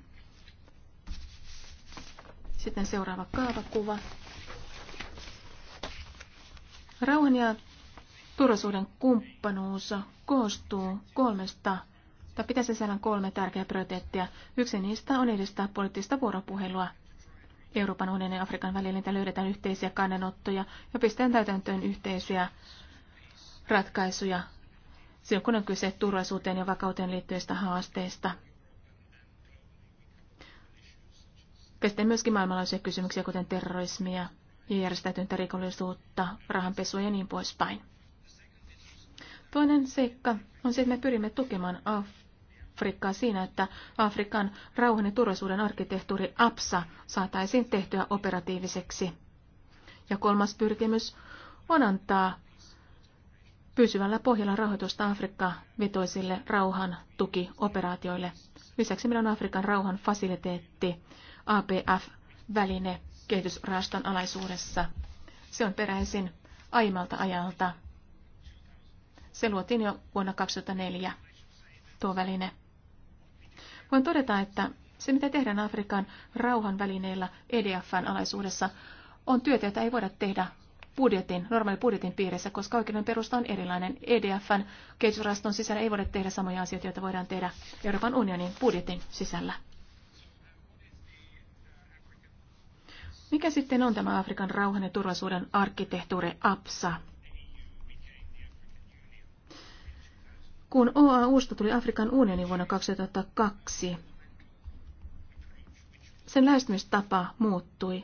Sitten seuraava kaavakuva. Rauhan ja Turvallisuuden kumppanuus koostuu kolmesta tai pitäisi sisällään kolme tärkeää prioriteettia. Yksi niistä on edistää poliittista vuoropuhelua. Euroopan unionin ja Afrikan välillä löydetään yhteisiä kannanottoja ja pistetään täytäntöön yhteisiä ratkaisuja silloin, kun on kyse turvallisuuteen ja vakauteen liittyvistä haasteista. Käsitellään myöskin maailmanlaajuisia kysymyksiä, kuten terrorismia ja järjestäytyntä rikollisuutta, rahanpesua ja niin poispäin. Toinen seikka on se, että me pyrimme tukemaan Afrikkaa siinä, että Afrikan rauhan ja turvallisuuden arkkitehtuuri APSA saataisiin tehtyä operatiiviseksi. Ja kolmas pyrkimys on antaa pysyvällä pohjalla rahoitusta Afrikka-vetoisille rauhan tukioperaatioille. Lisäksi meillä on Afrikan rauhan fasiliteetti, APF-väline kehitysrahaston alaisuudessa. Se on peräisin aimalta ajalta se luotiin jo vuonna 2004, tuo väline. Voin todeta, että se mitä tehdään Afrikan rauhan välineillä EDFn alaisuudessa on työtä, jota ei voida tehdä budjetin, normaali budjetin piirissä, koska oikeuden perusta on erilainen. EDFn kehitysraston sisällä ei voida tehdä samoja asioita, joita voidaan tehdä Euroopan unionin budjetin sisällä. Mikä sitten on tämä Afrikan rauhan ja turvallisuuden arkkitehtuuri APSA? Kun OAUsta tuli Afrikan unioni vuonna 2002, sen lähestymistapa muuttui.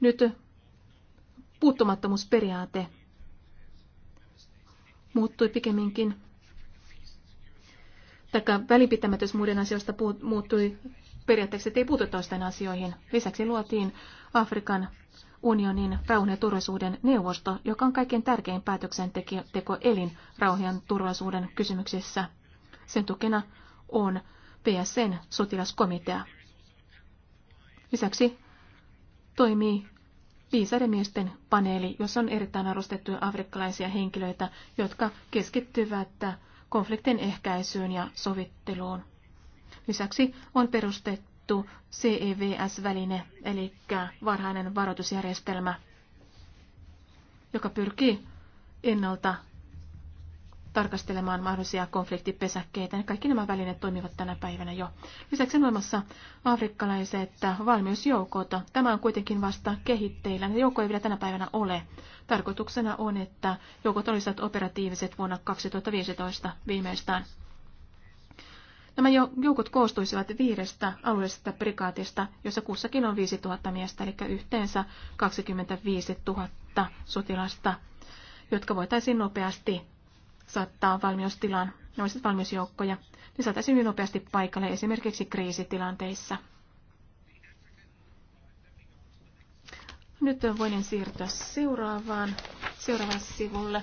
Nyt puuttumattomuusperiaate muuttui pikemminkin, taikka välinpitämätös muiden asioista muuttui periaatteeksi, että ei puututa toisten asioihin. Lisäksi luotiin Afrikan unionin rauhan ja turvallisuuden neuvosto, joka on kaikkein tärkein päätöksentekoelin rauhan ja turvallisuuden kysymyksissä. Sen tukena on PSN sotilaskomitea. Lisäksi toimii viisaiden miesten paneeli, jossa on erittäin arvostettuja afrikkalaisia henkilöitä, jotka keskittyvät konfliktin ehkäisyyn ja sovitteluun. Lisäksi on perustettu tunnettu CEVS-väline, eli varhainen varoitusjärjestelmä, joka pyrkii ennalta tarkastelemaan mahdollisia konfliktipesäkkeitä. Kaikki nämä välineet toimivat tänä päivänä jo. Lisäksi on olemassa afrikkalaiset valmiusjoukot. Tämä on kuitenkin vasta kehitteillä. Ne joukko ei vielä tänä päivänä ole. Tarkoituksena on, että joukot olisivat operatiiviset vuonna 2015 viimeistään. Nämä joukot koostuisivat viidestä alueellisesta prikaatista, jossa kussakin on 5000 miestä, eli yhteensä 25 000 sotilasta, jotka voitaisiin nopeasti saattaa valmiustilaan. Ne olisivat valmiusjoukkoja. Ne saataisiin hyvin nopeasti paikalle esimerkiksi kriisitilanteissa. Nyt voin siirtyä seuraavaan, seuraavaan sivulle.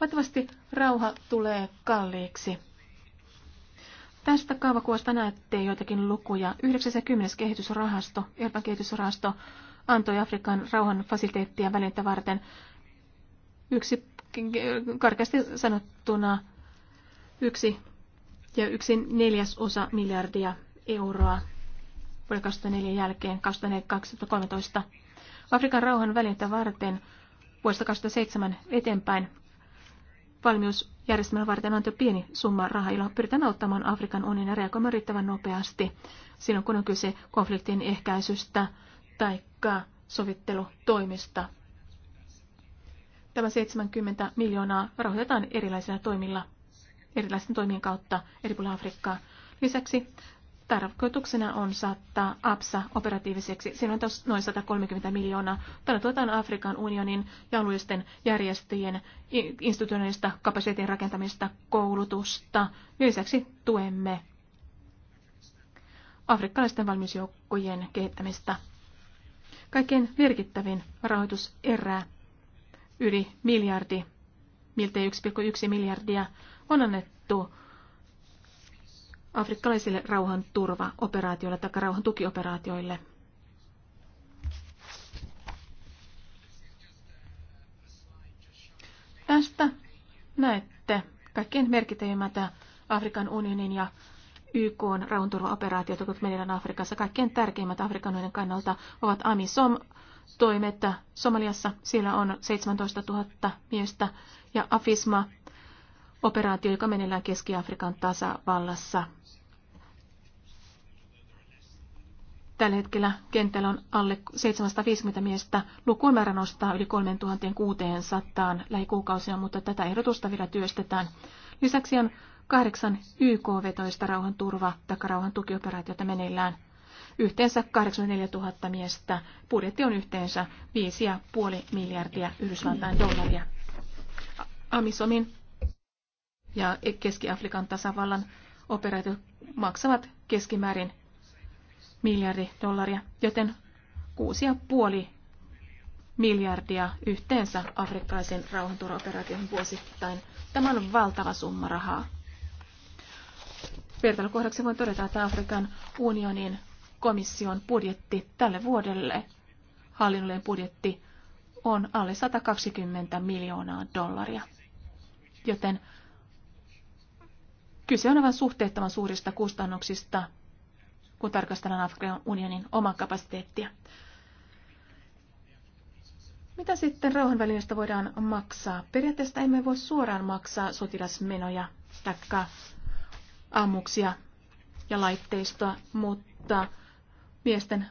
Valtavasti rauha tulee kalliiksi. Tästä kaavakuvasta näette joitakin lukuja. 90. kehitysrahasto, Euroopan kehitysrahasto, antoi Afrikan rauhan fasiliteettia välintä varten yksi, karkeasti sanottuna yksi ja yksi neljäs osa miljardia euroa vuoden 2004 jälkeen 2013. Afrikan rauhan välintä varten vuodesta 2007 eteenpäin valmius järjestelmää varten on pieni summa rahaa, jolla pyritään auttamaan Afrikan unionin ja reagoimaan riittävän nopeasti silloin, kun on kyse konfliktin ehkäisystä tai sovittelutoimista. Tämä 70 miljoonaa rahoitetaan erilaisilla toimilla, erilaisten toimien kautta eri puolilla Afrikkaa. Lisäksi Tarkoituksena on saattaa APSA operatiiviseksi. Siinä on noin 130 miljoonaa. Tällä tuetaan Afrikan unionin ja alueisten järjestöjen institutionaalista kapasiteetin rakentamista, koulutusta. Ja lisäksi tuemme afrikkalaisten valmiusjoukkojen kehittämistä. Kaikkein merkittävin rahoituserä, yli miljardi, miltei 1,1 miljardia, on annettu afrikkalaisille rauhanturvaoperaatioille tai rauhantukioperaatioille. Tästä näette kaikkein merkittävimmät Afrikan unionin ja YK on rauhanturvaoperaatiot, jotka meneillään Afrikassa. Kaikkein tärkeimmät Afrikan unionin kannalta ovat AMISOM, toimet Somaliassa. Siellä on 17 000 miestä ja AFISMA, operaatio, joka meneillään Keski-Afrikan tasavallassa. Tällä hetkellä kentällä on alle 750 miestä. Lukumäärä nostaa yli 3600 lähikuukausia, mutta tätä ehdotusta vielä työstetään. Lisäksi on kahdeksan YK-vetoista rauhanturva- tai rauhantukioperaatiota meneillään. Yhteensä 84 000 miestä. Budjetti on yhteensä 5,5 miljardia Yhdysvaltain dollaria. Amisomin ja Keski-Afrikan tasavallan operaatiot maksavat keskimäärin miljardi dollaria, joten 6,5 miljardia yhteensä afrikkalaisen rauhanturvaoperaation vuosittain. Tämä on valtava summa rahaa. Vertailukohdaksi voin todeta, että Afrikan unionin komission budjetti tälle vuodelle, hallinnollinen budjetti, on alle 120 miljoonaa dollaria. Joten kyse on aivan suhteettoman suurista kustannuksista kun tarkastellaan Afrikan unionin oman kapasiteettia. Mitä sitten rauhanvälineestä voidaan maksaa? Periaatteessa emme voi suoraan maksaa sotilasmenoja tai ammuksia ja laitteistoa, mutta miesten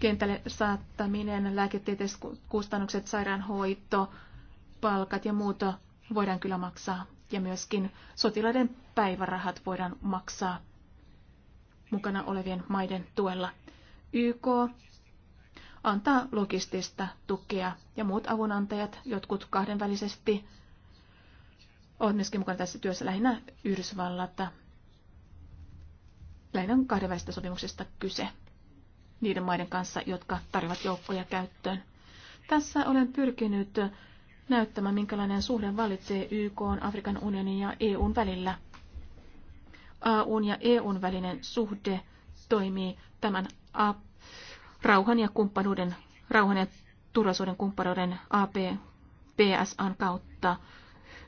kentälle saattaminen, lääketieteelliset kustannukset, sairaanhoito, palkat ja muuta voidaan kyllä maksaa. Ja myöskin sotilaiden päivärahat voidaan maksaa mukana olevien maiden tuella. YK antaa logistista tukea ja muut avunantajat, jotkut kahdenvälisesti, ovat myöskin mukana tässä työssä lähinnä Yhdysvallat. Lähinnä on kahdenvälisistä sopimuksista kyse niiden maiden kanssa, jotka tarjoavat joukkoja käyttöön. Tässä olen pyrkinyt näyttämään, minkälainen suhde valitsee YK, Afrikan unionin ja EUn välillä – AUn ja EUn välinen suhde toimii tämän A, rauhan ja kumppanuuden, rauhan ja turvallisuuden kumppanuuden AP, PSAn kautta.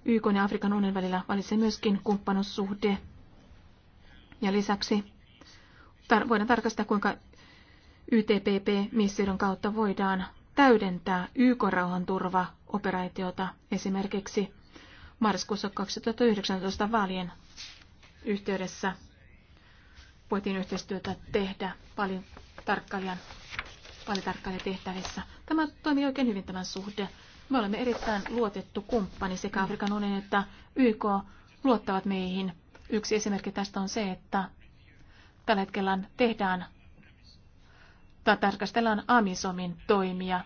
YK ja Afrikan unionin välillä valitsee myöskin kumppanussuhde Ja lisäksi tar- voidaan tarkastaa, kuinka YTPP-missioiden kautta voidaan täydentää YK-rauhanturva-operaatiota esimerkiksi marraskuussa 2019 vaalien yhteydessä voitiin yhteistyötä tehdä paljon tarkkailijan tarkkailijan tehtävissä. Tämä toimii oikein hyvin tämän suhde. Me olemme erittäin luotettu kumppani sekä Afrikan unionin että YK luottavat meihin. Yksi esimerkki tästä on se, että tällä hetkellä tehdään tai tarkastellaan Amisomin toimia.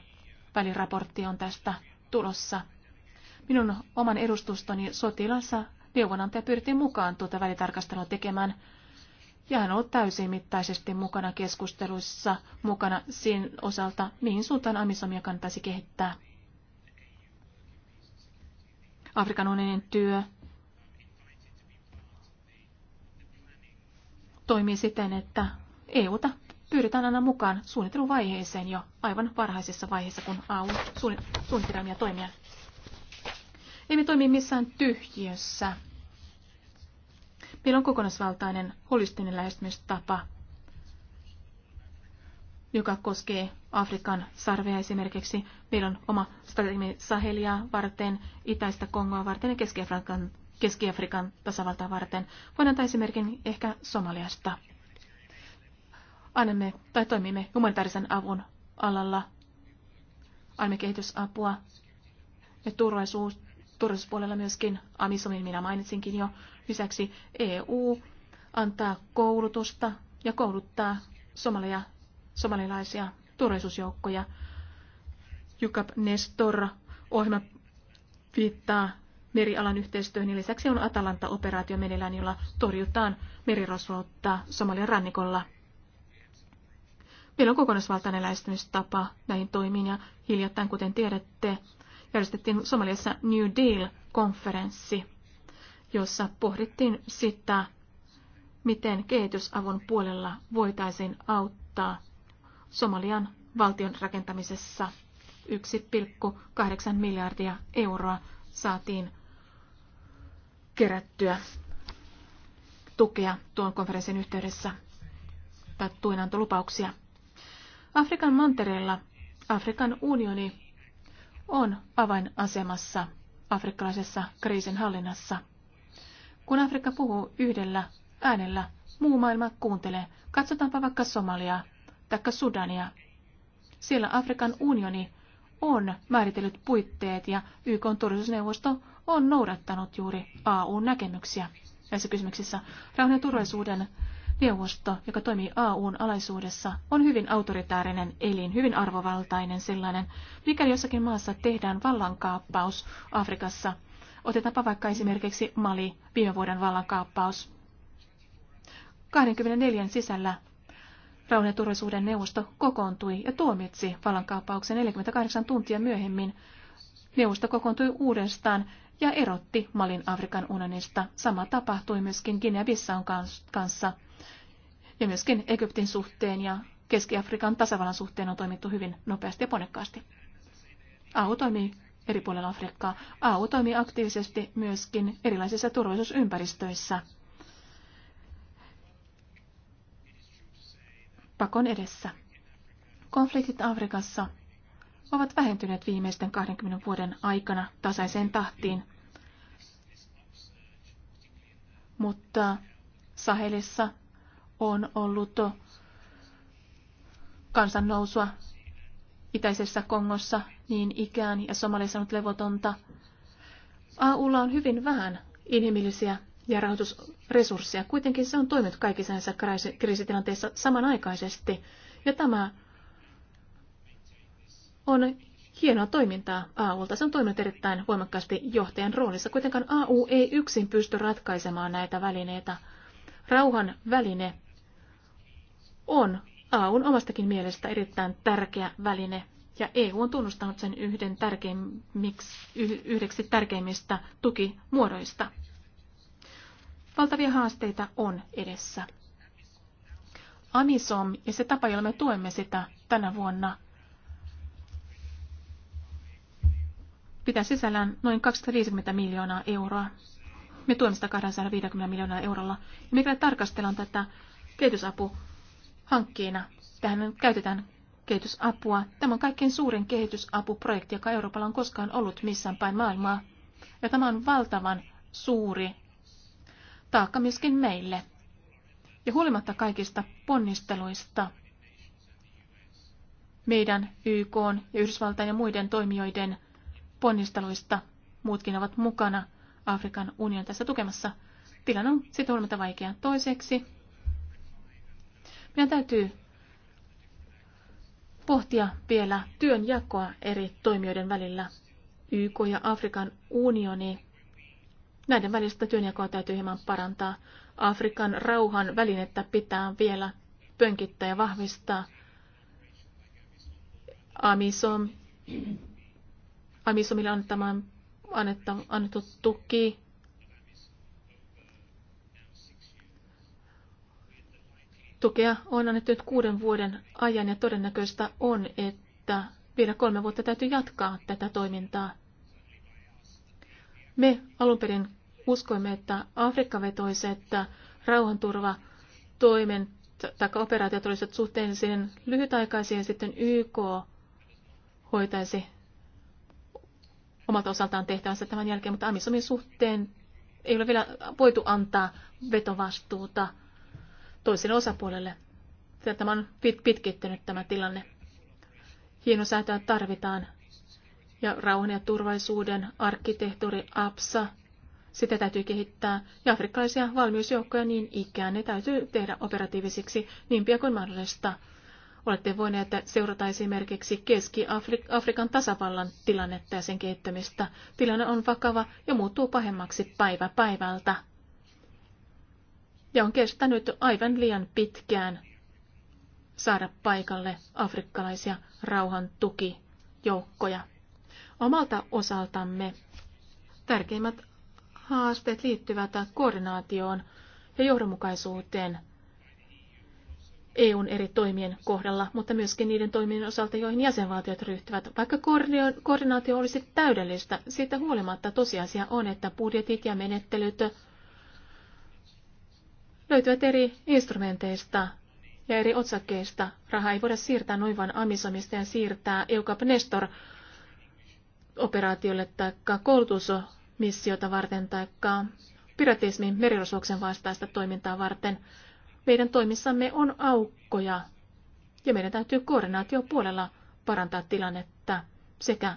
Väliraportti on tästä tulossa. Minun oman edustustoni sotilassa Neuvonantaja pyrittiin mukaan tuota välitarkastelua tekemään ja hän on ollut mittaisesti mukana keskusteluissa, mukana sen osalta, mihin suuntaan amisomia kannattaisi kehittää. Afrikan unionin työ toimii siten, että EUta pyydetään aina mukaan suunnitteluvaiheeseen jo aivan varhaisessa vaiheessa, kun AU suunnitelmia toimia. Emme toimi missään tyhjiössä. Niillä on kokonaisvaltainen holistinen lähestymistapa, joka koskee Afrikan sarvea esimerkiksi. Meillä on oma strategi Sahelia varten, Itäistä Kongoa varten ja Keski-Afrikan, Keski-Afrikan tasavaltaa varten. Voin antaa esimerkin ehkä Somaliasta. Annamme tai toimimme humanitaarisen avun alalla. Annamme kehitysapua ja turvallisuus, turvallisuuspuolella myöskin Amisomin minä mainitsinkin jo. Lisäksi EU antaa koulutusta ja kouluttaa somalia, somalilaisia turvallisuusjoukkoja. Jukab Nestor ohjelma viittaa merialan yhteistyöhön ja lisäksi on Atalanta-operaatio meneillään, jolla torjutaan merirosvoutta Somalian rannikolla. Meillä on kokonaisvaltainen lähestymistapa näihin toimiin ja hiljattain, kuten tiedätte, järjestettiin Somaliassa New Deal-konferenssi jossa pohdittiin sitä, miten kehitysavun puolella voitaisiin auttaa Somalian valtion rakentamisessa. 1,8 miljardia euroa saatiin kerättyä tukea tuon konferenssin yhteydessä tai tuinantolupauksia. Afrikan mantereella Afrikan unioni on avainasemassa afrikkalaisessa hallinnassa. Kun Afrikka puhuu yhdellä äänellä, muu maailma kuuntelee. Katsotaanpa vaikka Somaliaa tai Sudania. Siellä Afrikan unioni on määritellyt puitteet ja YK turvallisuusneuvosto on noudattanut juuri AU-näkemyksiä näissä kysymyksissä. Rauhan ja turvallisuuden neuvosto, joka toimii AUn alaisuudessa, on hyvin autoritäärinen elin, hyvin arvovaltainen sellainen. Mikäli jossakin maassa tehdään vallankaappaus Afrikassa, Otetaanpa vaikka esimerkiksi Mali, viime vuoden vallankaappaus. 24 sisällä Rauhan ja turvallisuuden neuvosto kokoontui ja tuomitsi vallankaappauksen 48 tuntia myöhemmin. Neuvosto kokoontui uudestaan ja erotti Malin Afrikan unionista. Sama tapahtui myöskin Guinea-Bissaun kanssa ja myöskin Egyptin suhteen ja Keski-Afrikan tasavallan suhteen on toimittu hyvin nopeasti ja ponekkaasti. AU toimii eri puolilla Afrikkaa. AU toimii aktiivisesti myöskin erilaisissa turvallisuusympäristöissä pakon edessä. Konfliktit Afrikassa ovat vähentyneet viimeisten 20 vuoden aikana tasaiseen tahtiin, mutta Sahelissa on ollut kansannousua itäisessä Kongossa niin ikään ja Somalia sanot levotonta. AUlla on hyvin vähän inhimillisiä ja rahoitusresursseja. Kuitenkin se on toiminut kaikissa näissä kriisitilanteissa samanaikaisesti. Ja tämä on hienoa toimintaa AUlta. Se on toiminut erittäin voimakkaasti johtajan roolissa. Kuitenkaan AU ei yksin pysty ratkaisemaan näitä välineitä. Rauhan väline on AU on omastakin mielestä erittäin tärkeä väline ja EU on tunnustanut sen yhden yhdeksi tärkeimmistä tukimuodoista. Valtavia haasteita on edessä. Amisom ja se tapa, jolla me tuemme sitä tänä vuonna, pitää sisällään noin 250 miljoonaa euroa. Me tuemme sitä 250 miljoonaa eurolla. Ja mikäli tarkastellaan tätä kehitysapu hankkeena. Tähän käytetään kehitysapua. Tämä on kaikkein suurin kehitysapuprojekti, joka Euroopalla on koskaan ollut missään päin maailmaa. Ja tämä on valtavan suuri taakka myöskin meille. Ja huolimatta kaikista ponnisteluista, meidän YK ja Yhdysvaltain ja muiden toimijoiden ponnisteluista, muutkin ovat mukana Afrikan union tässä tukemassa. Tilanne on sitten huolimatta vaikea. Toiseksi meidän täytyy pohtia vielä työnjakoa eri toimijoiden välillä. YK ja Afrikan unioni. Näiden välistä työnjakoa täytyy hieman parantaa. Afrikan rauhan välinettä pitää vielä pönkittää ja vahvistaa. Amisom, Amisomille annettu tuki Tukea on annettu nyt kuuden vuoden ajan ja todennäköistä on, että vielä kolme vuotta täytyy jatkaa tätä toimintaa. Me alun perin uskoimme, että Afrikka-vetoiset rauhanturva toimen tai operaatiot olisivat suhteellisen lyhytaikaisia ja sitten YK hoitaisi omalta osaltaan tehtävänsä tämän jälkeen, mutta Amisomin suhteen ei ole vielä voitu antaa vetovastuuta toiselle osapuolelle. Tämä on pit- pitkittynyt tämä tilanne. Hienosäätöä tarvitaan. Ja rauhan ja turvallisuuden arkkitehtuuri APSA, sitä täytyy kehittää. Ja afrikkalaisia valmiusjoukkoja niin ikään ne täytyy tehdä operatiivisiksi niin pian kuin mahdollista. Olette voineet seurata esimerkiksi Keski-Afrikan tasavallan tilannetta ja sen kehittämistä. Tilanne on vakava ja muuttuu pahemmaksi päivä päivältä ja on kestänyt aivan liian pitkään saada paikalle afrikkalaisia rauhan tukijoukkoja. Omalta osaltamme tärkeimmät haasteet liittyvät koordinaatioon ja johdonmukaisuuteen EUn eri toimien kohdalla, mutta myöskin niiden toimien osalta, joihin jäsenvaltiot ryhtyvät. Vaikka koordinaatio olisi täydellistä, siitä huolimatta tosiasia on, että budjetit ja menettelyt löytyvät eri instrumenteista ja eri otsakkeista. Rahaa ei voida siirtää noin vain amisomista ja siirtää EUCAP Nestor operaatiolle tai koulutusmissiota varten tai piratismin merirosvoksen vastaista toimintaa varten. Meidän toimissamme on aukkoja ja meidän täytyy puolella parantaa tilannetta sekä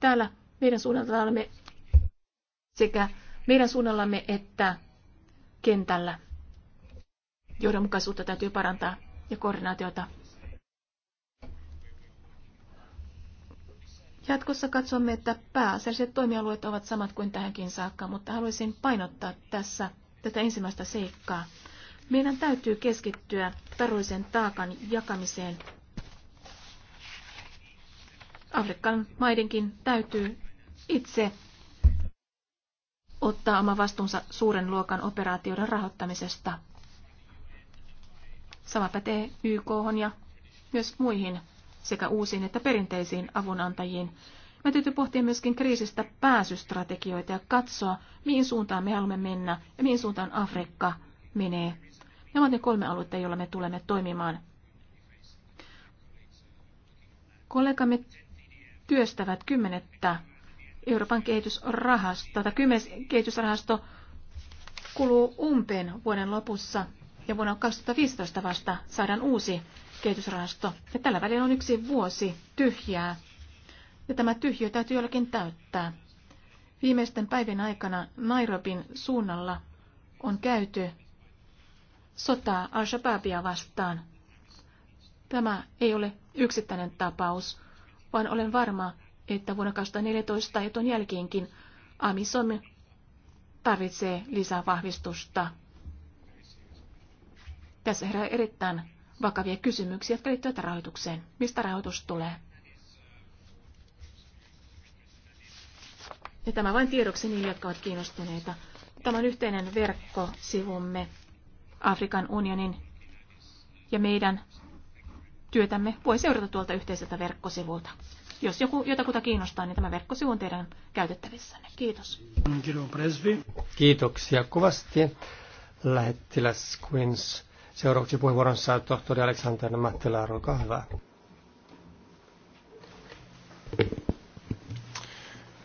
täällä meidän suunnallamme sekä meidän suunnallamme että kentällä johdonmukaisuutta täytyy parantaa ja koordinaatiota. Jatkossa katsomme, että pääasialliset toimialueet ovat samat kuin tähänkin saakka, mutta haluaisin painottaa tässä tätä ensimmäistä seikkaa. Meidän täytyy keskittyä taruisen taakan jakamiseen. Afrikan maidenkin täytyy itse ottaa oma vastuunsa suuren luokan operaatioiden rahoittamisesta. Sama pätee YK ja myös muihin sekä uusiin että perinteisiin avunantajiin. Me täytyy pohtia myöskin kriisistä pääsystrategioita ja katsoa, mihin suuntaan me haluamme mennä ja mihin suuntaan Afrikka menee. Nämä ovat ne kolme aluetta, joilla me tulemme toimimaan. Kollegamme työstävät kymmenettä Euroopan kehitysrahasto, tai kymmenes kehitysrahasto kuluu umpeen vuoden lopussa ja vuonna 2015 vasta saadaan uusi kehitysrahasto. Ja tällä välillä on yksi vuosi tyhjää. Ja tämä tyhjö täytyy jollakin täyttää. Viimeisten päivien aikana Nairobin suunnalla on käyty sotaa Al-Shabaabia vastaan. Tämä ei ole yksittäinen tapaus, vaan olen varma, että vuonna 2014 ja tuon jälkeenkin Amisom tarvitsee lisää vahvistusta. Tässä herää erittäin vakavia kysymyksiä, jotka liittyvät rahoitukseen. Mistä rahoitus tulee? Ja tämä vain tiedoksi niille, jotka ovat kiinnostuneita. Tämä on yhteinen verkkosivumme Afrikan unionin ja meidän työtämme voi seurata tuolta yhteiseltä verkkosivulta. Jos joku, jotakuta kiinnostaa, niin tämä verkkosivu on teidän käytettävissänne. Kiitos. Kiitoksia kovasti lähettiläs Queens. Seuraavaksi puheenvuoron saa tohtori Aleksander Mattila, olkaa hyvä.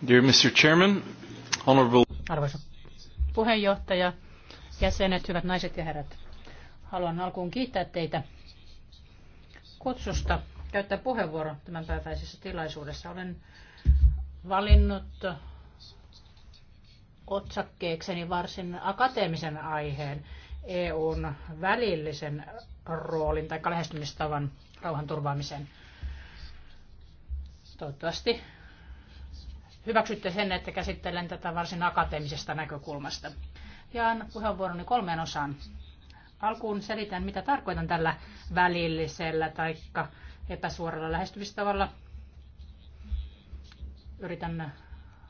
Dear Mr. Chairman, honorable... Arvoisa puheenjohtaja, jäsenet, hyvät naiset ja herrat. Haluan alkuun kiittää teitä kutsusta käyttää puheenvuoro päiväisessä tilaisuudessa. Olen valinnut otsakkeekseni varsin akateemisen aiheen. EUn välillisen roolin tai lähestymistavan rauhanturvaamiseen. Toivottavasti hyväksytte sen, että käsittelen tätä varsin akateemisesta näkökulmasta. Jaan puheenvuoroni kolmeen osaan. Alkuun selitän, mitä tarkoitan tällä välillisellä tai epäsuoralla lähestymistavalla. Yritän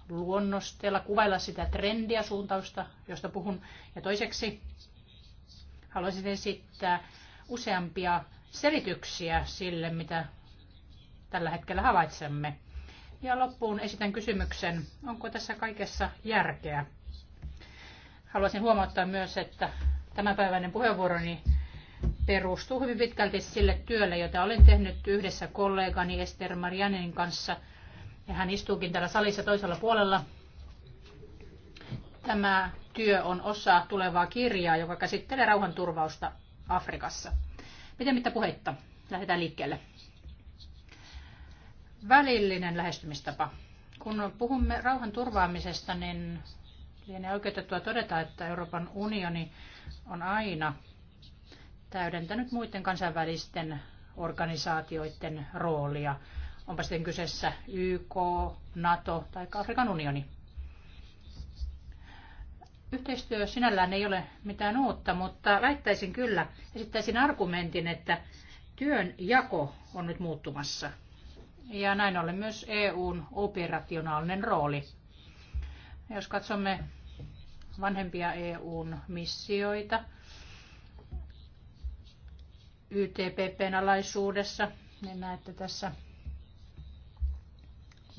luonnostella, kuvailla sitä trendiä, suuntausta, josta puhun. Ja toiseksi Haluaisin esittää useampia selityksiä sille, mitä tällä hetkellä havaitsemme. Ja loppuun esitän kysymyksen, onko tässä kaikessa järkeä? Haluaisin huomauttaa myös, että tämänpäiväinen puheenvuoroni perustuu hyvin pitkälti sille työlle, jota olen tehnyt yhdessä kollegani Ester Marianin kanssa. Ja hän istuukin täällä salissa toisella puolella Tämä työ on osa tulevaa kirjaa, joka käsittelee rauhanturvausta Afrikassa. mitä puheitta, lähdetään liikkeelle. Välillinen lähestymistapa. Kun puhumme rauhan turvaamisesta, niin lienee oikeutettua todeta, että Euroopan unioni on aina täydentänyt muiden kansainvälisten organisaatioiden roolia. Onpa sitten kyseessä YK, NATO tai Afrikan unioni. Yhteistyö sinällään ei ole mitään uutta, mutta väittäisin kyllä, esittäisin argumentin, että työn jako on nyt muuttumassa. Ja näin ollen myös EUn operationaalinen rooli. Jos katsomme vanhempia EUn missioita YTPPn alaisuudessa, niin näette tässä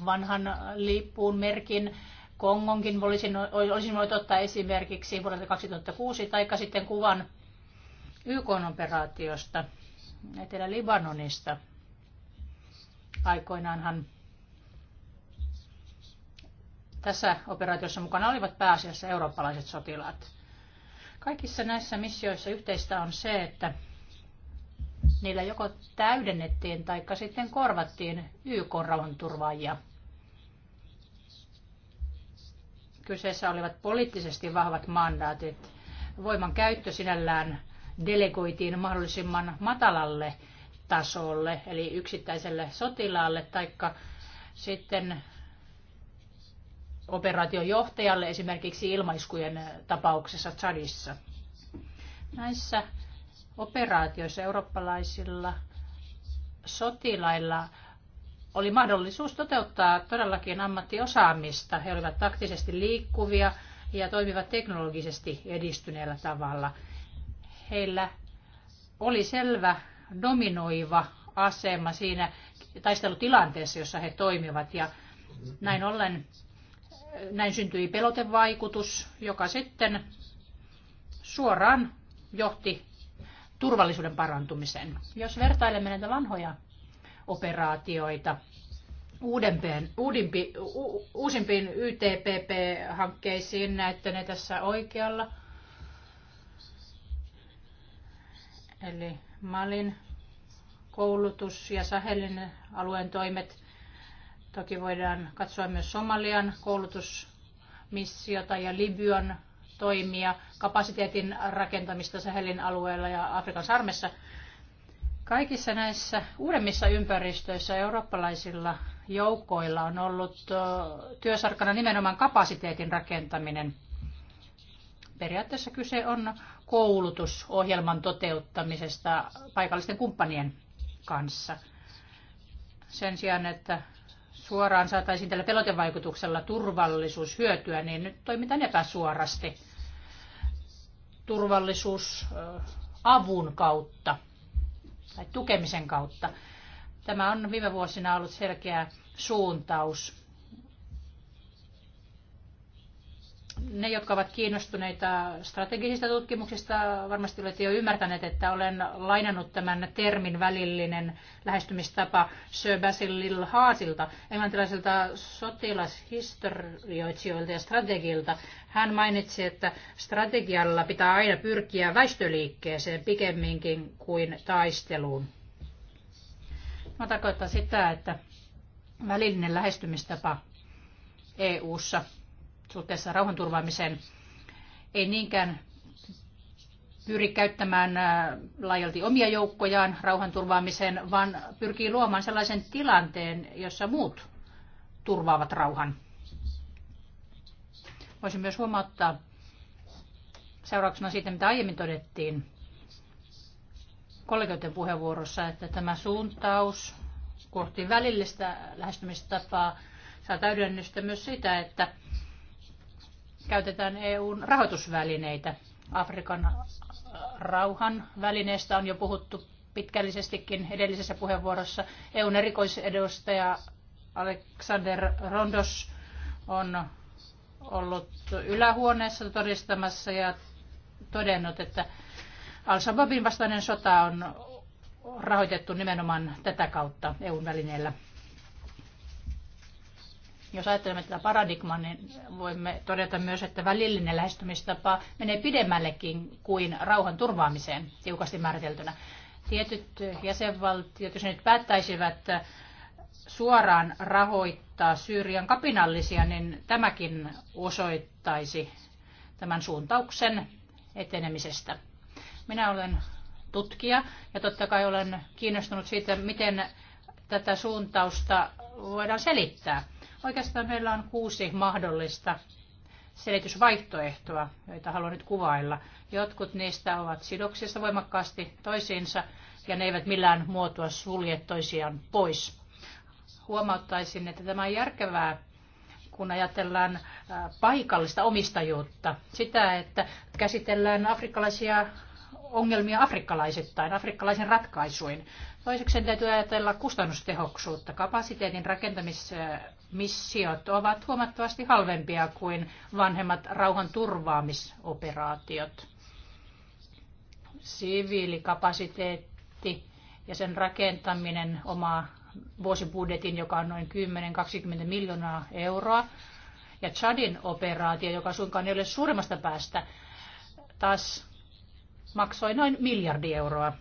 vanhan lippuun merkin Kongonkin olisin, olisin voinut ottaa esimerkiksi vuodelta 2006, tai sitten kuvan YK-operaatiosta Etelä-Libanonista. Aikoinaanhan tässä operaatiossa mukana olivat pääasiassa eurooppalaiset sotilaat. Kaikissa näissä missioissa yhteistä on se, että niillä joko täydennettiin tai sitten korvattiin YK rauhanturvaajia – Kyseessä olivat poliittisesti vahvat mandaatit. Voiman käyttö sinällään delegoitiin mahdollisimman matalalle tasolle, eli yksittäiselle sotilaalle, taikka sitten operaation johtajalle esimerkiksi ilmaiskujen tapauksessa Chadissa. Näissä operaatioissa eurooppalaisilla sotilailla oli mahdollisuus toteuttaa todellakin ammattiosaamista. He olivat taktisesti liikkuvia ja toimivat teknologisesti edistyneellä tavalla. Heillä oli selvä dominoiva asema siinä taistelutilanteessa, jossa he toimivat. Ja näin ollen näin syntyi pelotevaikutus, joka sitten suoraan johti turvallisuuden parantumiseen. Jos vertailemme näitä vanhoja operaatioita. Uudempien, uudimpi, u, uusimpiin YTPP-hankkeisiin näette ne tässä oikealla. Eli Malin koulutus ja Sahelin alueen toimet. Toki voidaan katsoa myös Somalian koulutusmissiota ja Libyan toimia, kapasiteetin rakentamista Sahelin alueella ja Afrikan sarmessa. Kaikissa näissä uudemmissa ympäristöissä eurooppalaisilla joukoilla on ollut työsarkana nimenomaan kapasiteetin rakentaminen. Periaatteessa kyse on koulutusohjelman toteuttamisesta paikallisten kumppanien kanssa. Sen sijaan, että suoraan saataisiin tällä pelotevaikutuksella turvallisuushyötyä, niin nyt toimitaan epäsuorasti turvallisuusavun kautta tai tukemisen kautta. Tämä on viime vuosina ollut selkeä suuntaus. ne, jotka ovat kiinnostuneita strategisista tutkimuksista, varmasti olette jo ymmärtäneet, että olen lainannut tämän termin välillinen lähestymistapa Sir Basil Lilhaasilta, englantilaisilta sotilashistorioitsijoilta ja strategilta. Hän mainitsi, että strategialla pitää aina pyrkiä väistöliikkeeseen pikemminkin kuin taisteluun. Mä no, tarkoitan sitä, että välillinen lähestymistapa EU:ssa ssa suhteessa rauhanturvaamiseen ei niinkään pyri käyttämään äh, laajalti omia joukkojaan rauhanturvaamiseen, vaan pyrkii luomaan sellaisen tilanteen, jossa muut turvaavat rauhan. Voisin myös huomauttaa seurauksena siitä, mitä aiemmin todettiin kollegoiden puheenvuorossa, että tämä suuntaus kohti välillistä lähestymistapaa saa täydennystä myös sitä, että käytetään EUn rahoitusvälineitä. Afrikan rauhan välineestä on jo puhuttu pitkällisestikin edellisessä puheenvuorossa. EUn erikoisedustaja Alexander Rondos on ollut ylähuoneessa todistamassa ja todennut, että Al-Shabaabin vastainen sota on rahoitettu nimenomaan tätä kautta EUn välineellä. Jos ajattelemme tätä paradigmaa, niin voimme todeta myös, että välillinen lähestymistapa menee pidemmällekin kuin rauhan turvaamiseen tiukasti määriteltynä. Tietyt jäsenvaltiot, jos ne nyt päättäisivät suoraan rahoittaa Syyrian kapinallisia, niin tämäkin osoittaisi tämän suuntauksen etenemisestä. Minä olen tutkija ja totta kai olen kiinnostunut siitä, miten tätä suuntausta voidaan selittää. Oikeastaan meillä on kuusi mahdollista selitysvaihtoehtoa, joita haluan nyt kuvailla. Jotkut niistä ovat sidoksissa voimakkaasti toisiinsa ja ne eivät millään muotoa sulje toisiaan pois. Huomauttaisin, että tämä on järkevää, kun ajatellaan paikallista omistajuutta, sitä, että käsitellään afrikkalaisia ongelmia afrikkalaisittain, afrikkalaisen ratkaisuin. Toiseksi täytyy ajatella kustannustehokkuutta. Kapasiteetin rakentamismissiot ovat huomattavasti halvempia kuin vanhemmat rauhan turvaamisoperaatiot. Siviilikapasiteetti ja sen rakentaminen omaa vuosibudjetin, joka on noin 10-20 miljoonaa euroa. Ja Chadin operaatio, joka suinkaan ei ole suuremmasta päästä, taas maksoi noin miljardi euroa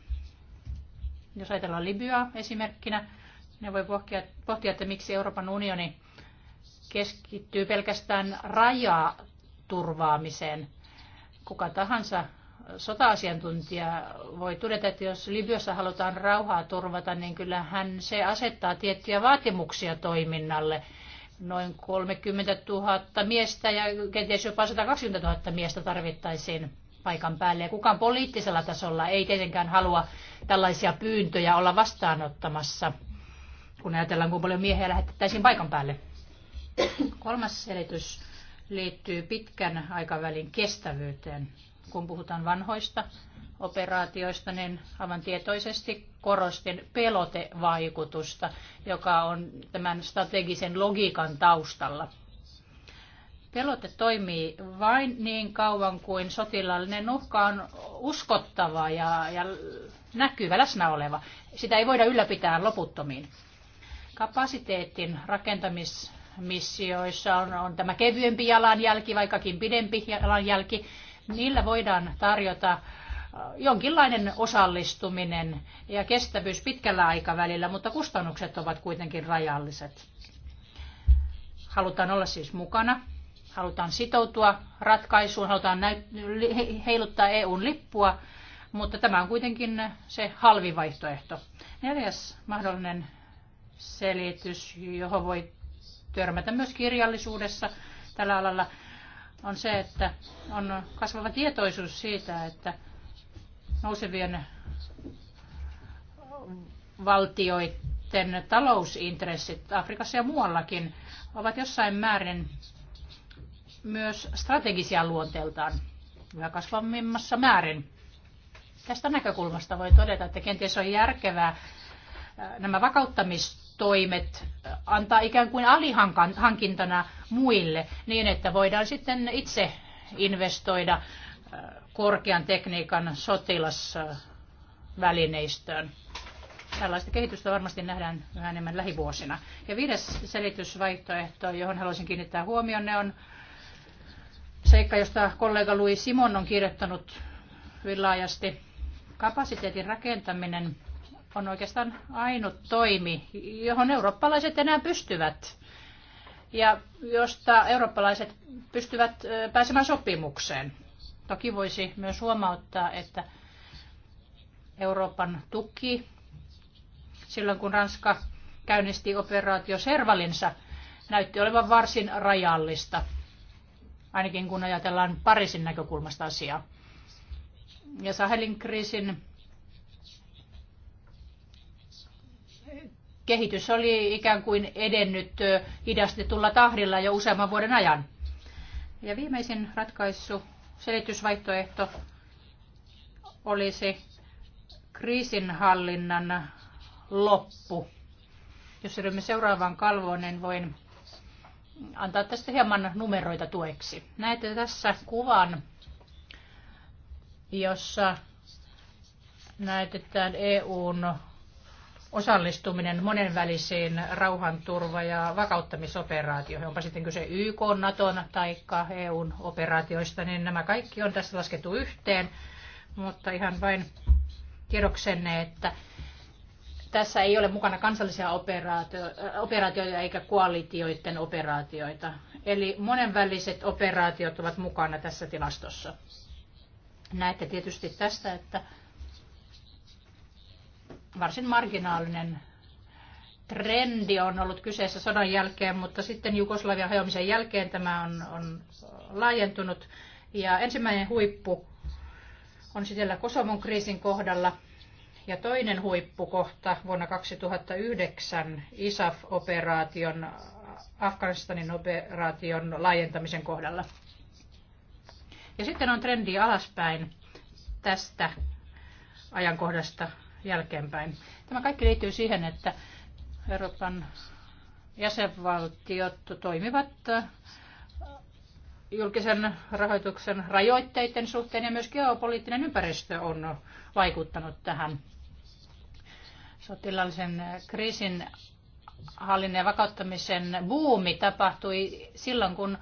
jos ajatellaan Libyaa esimerkkinä, ne voi pohtia, pohtia, että miksi Euroopan unioni keskittyy pelkästään rajaa turvaamiseen. Kuka tahansa sota-asiantuntija voi todeta, että jos Libyassa halutaan rauhaa turvata, niin kyllähän se asettaa tiettyjä vaatimuksia toiminnalle. Noin 30 000 miestä ja kenties jopa 120 000 miestä tarvittaisiin paikan päälle. Ja kukaan poliittisella tasolla ei tietenkään halua tällaisia pyyntöjä olla vastaanottamassa, kun ajatellaan, kuinka paljon miehiä lähetettäisiin paikan päälle. Kolmas selitys liittyy pitkän aikavälin kestävyyteen. Kun puhutaan vanhoista operaatioista, niin aivan tietoisesti korostin pelotevaikutusta, joka on tämän strategisen logiikan taustalla – Pelote toimii vain niin kauan kuin sotilaallinen uhka on uskottava ja, ja näkyvä, läsnä oleva. Sitä ei voida ylläpitää loputtomiin. Kapasiteetin rakentamismissioissa on, on tämä kevyempi jalanjälki, vaikkakin pidempi jalanjälki. Niillä voidaan tarjota äh, jonkinlainen osallistuminen ja kestävyys pitkällä aikavälillä, mutta kustannukset ovat kuitenkin rajalliset. Halutaan olla siis mukana halutaan sitoutua ratkaisuun, halutaan heiluttaa EUn lippua, mutta tämä on kuitenkin se halvi vaihtoehto. Neljäs mahdollinen selitys, johon voi törmätä myös kirjallisuudessa tällä alalla, on se, että on kasvava tietoisuus siitä, että nousevien valtioiden talousintressit Afrikassa ja muuallakin ovat jossain määrin myös strategisia luonteeltaan yhä kasvavimmassa määrin. Tästä näkökulmasta voi todeta, että kenties on järkevää äh, nämä vakauttamistoimet äh, antaa ikään kuin alihankintana muille niin, että voidaan sitten itse investoida äh, korkean tekniikan sotilasvälineistöön. Tällaista kehitystä varmasti nähdään yhä enemmän lähivuosina. Ja viides selitysvaihtoehto, johon haluaisin kiinnittää ne on seikka, josta kollega Louis Simon on kirjoittanut hyvin laajasti. Kapasiteetin rakentaminen on oikeastaan ainut toimi, johon eurooppalaiset enää pystyvät ja josta eurooppalaiset pystyvät pääsemään sopimukseen. Toki voisi myös huomauttaa, että Euroopan tuki, silloin kun Ranska käynnisti operaatio Servalinsa, näytti olevan varsin rajallista ainakin kun ajatellaan Pariisin näkökulmasta asiaa. Ja Sahelin kriisin kehitys oli ikään kuin edennyt hidastetulla tahdilla jo useamman vuoden ajan. Ja viimeisin ratkaisu, selitysvaihtoehto olisi kriisinhallinnan loppu. Jos ryhdymme seuraavaan kalvoon, niin voin antaa tästä hieman numeroita tueksi. Näette tässä kuvan, jossa näytetään EUn osallistuminen monenvälisiin rauhanturva- ja vakauttamisoperaatioihin, onpa sitten kyse YK, Naton tai EUn operaatioista, niin nämä kaikki on tässä laskettu yhteen. Mutta ihan vain tiedoksenne, että tässä ei ole mukana kansallisia operaatioita eikä koalitioiden operaatioita. Eli monenväliset operaatiot ovat mukana tässä tilastossa. Näette tietysti tästä, että varsin marginaalinen trendi on ollut kyseessä sodan jälkeen, mutta sitten Jugoslavian hajoamisen jälkeen tämä on, on laajentunut. Ja ensimmäinen huippu on sitten Kosovon kriisin kohdalla – ja toinen huippukohta vuonna 2009 ISAF-operaation, Afganistanin operaation laajentamisen kohdalla. Ja sitten on trendi alaspäin tästä ajankohdasta jälkeenpäin. Tämä kaikki liittyy siihen, että Euroopan jäsenvaltiot toimivat äh, julkisen rahoituksen rajoitteiden suhteen ja myös geopoliittinen ympäristö on vaikuttanut tähän sotilaallisen kriisin hallinnan ja vakauttamisen buumi tapahtui silloin, kun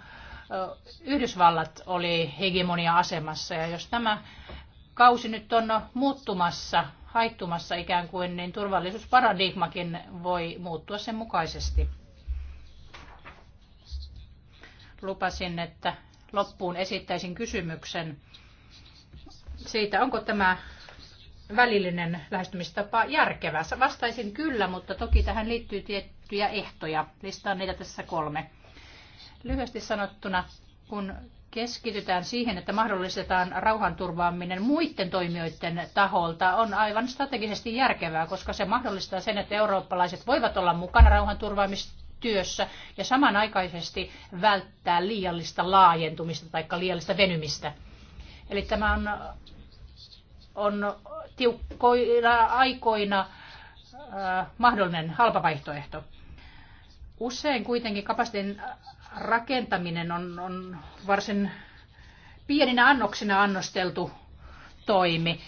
Yhdysvallat oli hegemonia-asemassa. Ja jos tämä kausi nyt on muuttumassa, haittumassa ikään kuin, niin turvallisuusparadigmakin voi muuttua sen mukaisesti. Lupasin, että loppuun esittäisin kysymyksen siitä, onko tämä välillinen lähestymistapa järkevä? Vastaisin kyllä, mutta toki tähän liittyy tiettyjä ehtoja. Listaan niitä tässä kolme. Lyhyesti sanottuna, kun keskitytään siihen, että mahdollistetaan rauhanturvaaminen muiden toimijoiden taholta, on aivan strategisesti järkevää, koska se mahdollistaa sen, että eurooppalaiset voivat olla mukana rauhanturvaamistyössä ja samanaikaisesti välttää liiallista laajentumista tai liiallista venymistä. Eli tämä on on tiukkoina aikoina mahdollinen halpa vaihtoehto. Usein kuitenkin kapasiteetin rakentaminen on, on varsin pieninä annoksina annosteltu toimi.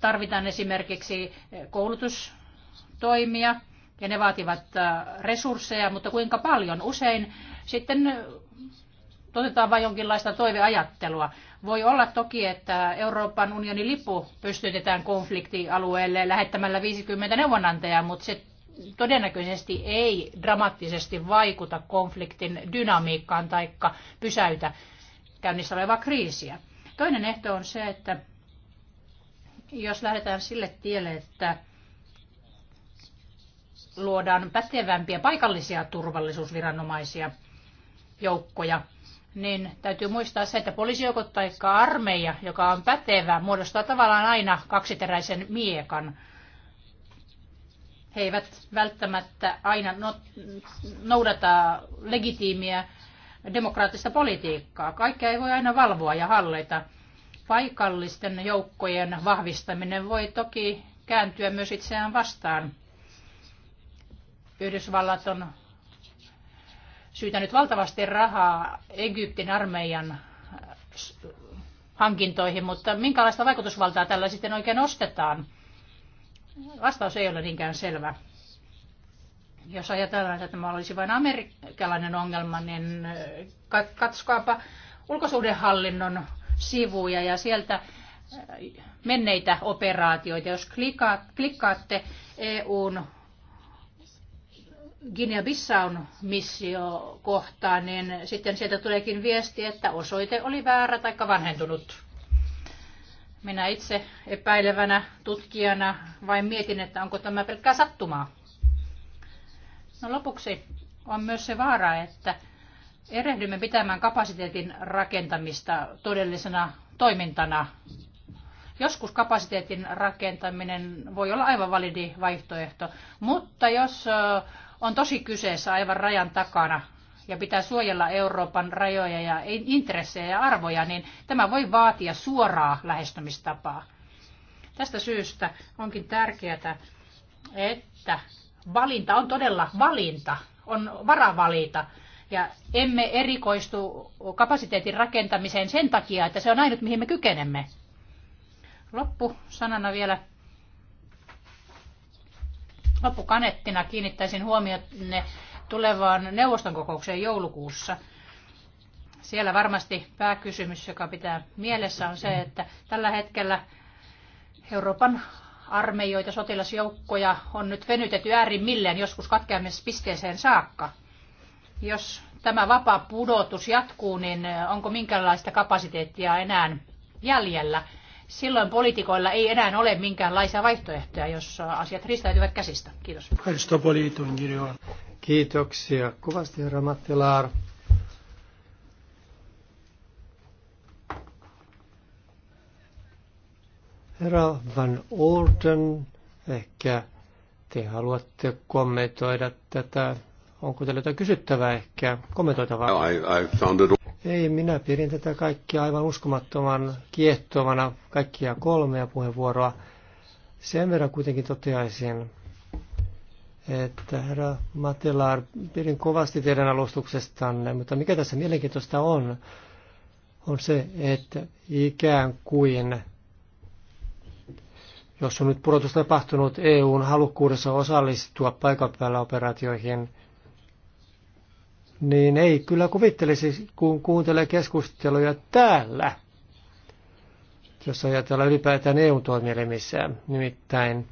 Tarvitaan esimerkiksi koulutustoimia ja ne vaativat resursseja, mutta kuinka paljon? Usein sitten toteutetaan vain jonkinlaista toiveajattelua. Voi olla toki, että Euroopan unionin lippu pystytetään konfliktialueelle lähettämällä 50 neuvonantajaa, mutta se todennäköisesti ei dramaattisesti vaikuta konfliktin dynamiikkaan tai pysäytä käynnissä olevaa kriisiä. Toinen ehto on se, että jos lähdetään sille tielle, että luodaan pätevämpiä paikallisia turvallisuusviranomaisia, joukkoja, niin täytyy muistaa se, että poliisijoukot tai armeija, joka on pätevä, muodostaa tavallaan aina kaksiteräisen miekan. He eivät välttämättä aina noudata legitiimiä demokraattista politiikkaa. Kaikkea ei voi aina valvoa ja hallita. Paikallisten joukkojen vahvistaminen voi toki kääntyä myös itseään vastaan. Yhdysvallat on syytänyt valtavasti rahaa Egyptin armeijan äh, hankintoihin, mutta minkälaista vaikutusvaltaa tällä sitten oikein ostetaan? Vastaus ei ole niinkään selvä. Jos ajatellaan, että tämä olisi vain amerikkalainen ongelma, niin äh, katsokaapa ulkosuhdehallinnon sivuja ja sieltä äh, menneitä operaatioita. Jos klikkaatte EUn Guinea-Bissaun missio kohtaan, niin sitten sieltä tuleekin viesti, että osoite oli väärä tai vanhentunut. Minä itse epäilevänä tutkijana vain mietin, että onko tämä pelkkää sattumaa. No lopuksi on myös se vaara, että erehdymme pitämään kapasiteetin rakentamista todellisena toimintana. Joskus kapasiteetin rakentaminen voi olla aivan validi vaihtoehto, mutta jos on tosi kyseessä aivan rajan takana ja pitää suojella Euroopan rajoja ja intressejä ja arvoja, niin tämä voi vaatia suoraa lähestymistapaa. Tästä syystä onkin tärkeää, että valinta on todella valinta, on varavalita. Ja emme erikoistu kapasiteetin rakentamiseen sen takia, että se on ainut, mihin me kykenemme. Loppu sanana vielä Loppukanettina kiinnittäisin huomionne tulevaan neuvoston kokoukseen joulukuussa. Siellä varmasti pääkysymys, joka pitää mielessä, on se, että tällä hetkellä Euroopan armeijoita, sotilasjoukkoja on nyt venytetty äärimmilleen joskus katkeamispisteeseen saakka. Jos tämä vapaa pudotus jatkuu, niin onko minkälaista kapasiteettia enää jäljellä? Silloin poliitikoilla ei enää ole minkäänlaisia vaihtoehtoja, jos asiat ristäytyvät käsistä. Kiitos. Kiitoksia Kuvasti herra Laar. Herra Van Orden, ehkä te haluatte kommentoida tätä. Onko teillä jotain kysyttävää ehkä kommentoitavaa? No, I, I found it... Ei, minä pidin tätä kaikkia aivan uskomattoman kiehtovana, kaikkia kolmea puheenvuoroa. Sen verran kuitenkin toteaisin, että herra Matelar, pidin kovasti teidän alustuksestanne, mutta mikä tässä mielenkiintoista on, on se, että ikään kuin, jos on nyt pudotus tapahtunut EUn halukkuudessa osallistua paikan päällä operaatioihin – niin ei kyllä kuvittelisi, kun kuuntelee keskusteluja täällä, jos ajatellaan ylipäätään EU-toimielimissä. Nimittäin,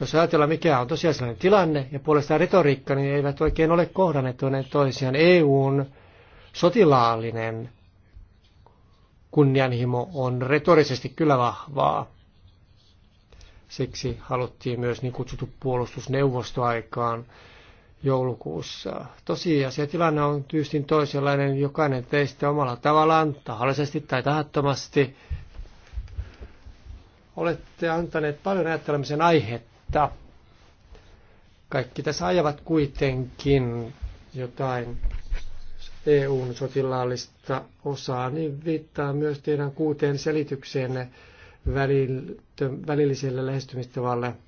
jos ajatellaan mikä on sellainen tilanne ja puolestaan retoriikka, niin eivät oikein ole kohdanneet toinen toisiaan. EUn sotilaallinen kunnianhimo on retorisesti kyllä vahvaa. Siksi haluttiin myös niin kutsuttu puolustusneuvosto aikaan, joulukuussa. se tilanne on tyystin toisenlainen, jokainen teistä omalla tavallaan, tahallisesti tai tahattomasti. Olette antaneet paljon ajattelemisen aihetta. Kaikki tässä ajavat kuitenkin jotain EUn sotilaallista osaa, niin viittaa myös teidän kuuteen selitykseenne välilliselle lähestymistavalle –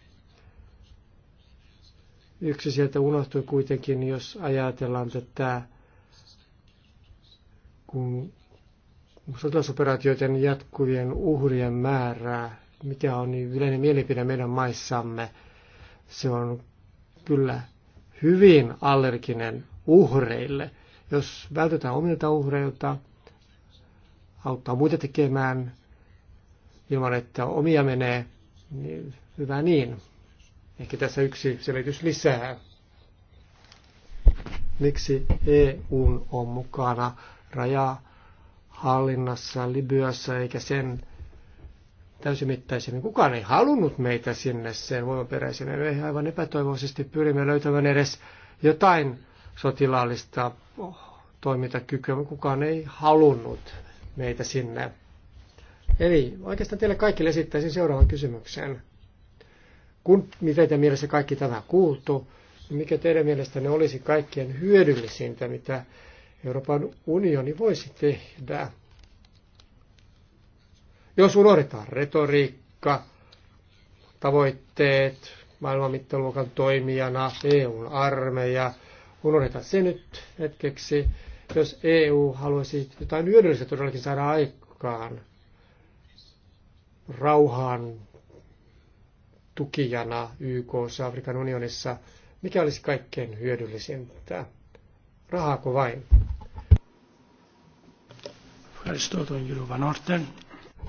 Yksi sieltä unohtui kuitenkin, jos ajatellaan tätä, kun sotilasoperaatioiden jatkuvien uhrien määrää, mikä on niin yleinen mielipide meidän maissamme, se on kyllä hyvin allerginen uhreille. Jos vältetään omilta uhreilta, auttaa muita tekemään ilman, että omia menee, niin hyvä niin. Ehkä tässä yksi selitys lisää. Miksi EU on mukana rajahallinnassa Libyassa eikä sen täysimittaisemmin. Kukaan ei halunnut meitä sinne sen voimaperäisenä. Me aivan epätoivoisesti pyrimme löytämään edes jotain sotilaallista toimintakykyä, mutta kukaan ei halunnut meitä sinne. Eli oikeastaan teille kaikille esittäisin seuraavan kysymyksen. Kun mitä mielessä kaikki tämä kuultu, niin mikä teidän mielestänne olisi kaikkien hyödyllisintä, mitä Euroopan unioni voisi tehdä? Jos unohdetaan retoriikka, tavoitteet, maailman mittaluokan toimijana, EUn armeija, unohdetaan se nyt hetkeksi. Jos EU haluaisi jotain hyödyllistä todellakin saada aikaan, rauhan tukijana YK Afrikan unionissa, mikä olisi kaikkein hyödyllisintä? Rahaako vain?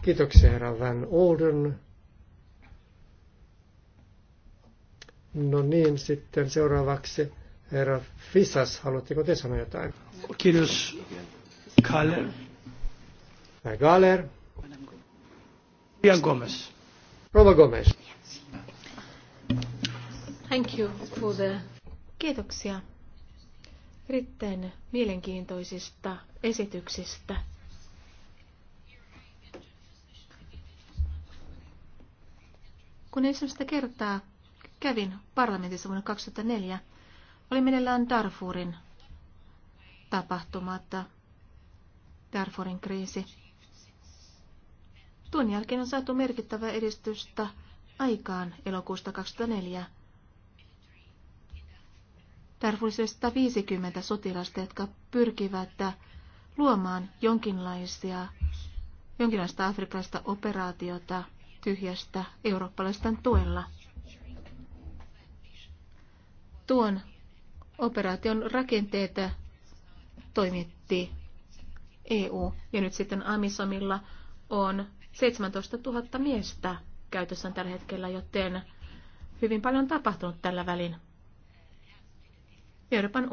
Kiitoksia herra Van Olden. No niin, sitten seuraavaksi herra Fisas, haluatteko te sanoa jotain? Kiitos. Kaller. Herra Galler. Jan Gomez. Rova Gomez. Thank you for the... Kiitoksia erittäin mielenkiintoisista esityksistä. Kun ensimmäistä kertaa kävin parlamentissa vuonna 2004, oli meneillään Darfurin tapahtumat, Darfurin kriisi. Tuon jälkeen on saatu merkittävää edistystä aikaan elokuusta 2004 tarvitsisi 150 sotilasta, jotka pyrkivät luomaan jonkinlaisia, jonkinlaista afrikkalaista operaatiota tyhjästä eurooppalaisten tuella. Tuon operaation rakenteita toimitti EU ja nyt sitten Amisomilla on 17 000 miestä käytössä tällä hetkellä, joten hyvin paljon on tapahtunut tällä välin. Euroopan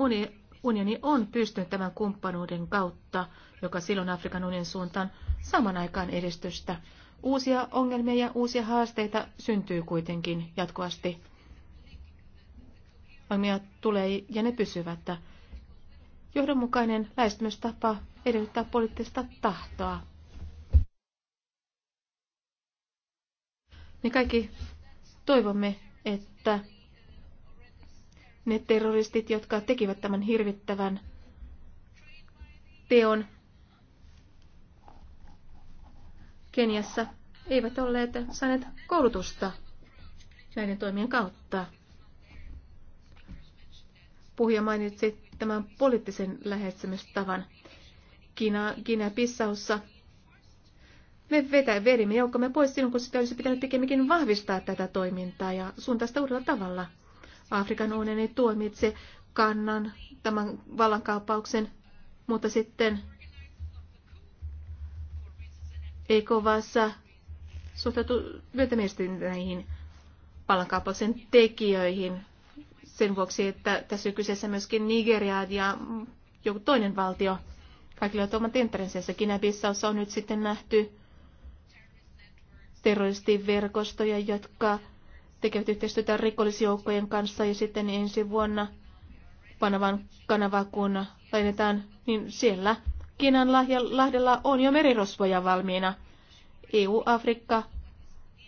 unioni on pystynyt tämän kumppanuuden kautta, joka silloin Afrikan unionin suuntaan saman aikaan edistystä. Uusia ongelmia ja uusia haasteita syntyy kuitenkin jatkuvasti. Ongelmia tulee ja ne pysyvät. Johdonmukainen lähestymistapa edellyttää poliittista tahtoa. Me kaikki toivomme, että ne terroristit, jotka tekivät tämän hirvittävän teon Keniassa, eivät olleet saaneet koulutusta näiden toimien kautta. Puhuja mainitsi tämän poliittisen lähestymistavan. Kiina, Kiina Pissaussa me vetä, vedimme joukkomme pois silloin, kun sitä olisi pitänyt pikemminkin vahvistaa tätä toimintaa ja suuntaista uudella tavalla. Afrikan unioni tuomitsi kannan tämän vallankaappauksen, mutta sitten EKVassa suhtautu myötämielisesti näihin vallankaappauksen tekijöihin sen vuoksi, että tässä on kyseessä myöskin Nigeria ja joku toinen valtio. Kaikilla on oman tenttärensä. Kinäbissaussa on nyt sitten nähty terroristiverkostoja, jotka tekevät yhteistyötä rikollisjoukkojen kanssa ja sitten ensi vuonna Panavan kanavaa, kun lainetaan, niin siellä Kiinan lahdella on jo merirosvoja valmiina. EU-Afrikka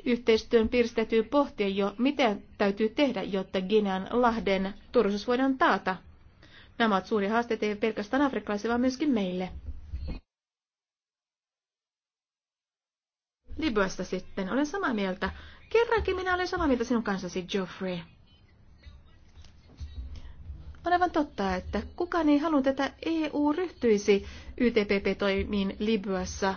yhteistyön piirissä pohtia jo, mitä täytyy tehdä, jotta Kiinan lahden turvallisuus voidaan taata. Nämä ovat suuri haasteet ei pelkästään afrikkalaisille, vaan myöskin meille. Libyasta sitten. Olen samaa mieltä. Kerrankin minä olen samaa mieltä sinun kanssasi, Geoffrey. On aivan totta, että kukaan ei halunnut, että EU ryhtyisi YTPP-toimiin Libyassa.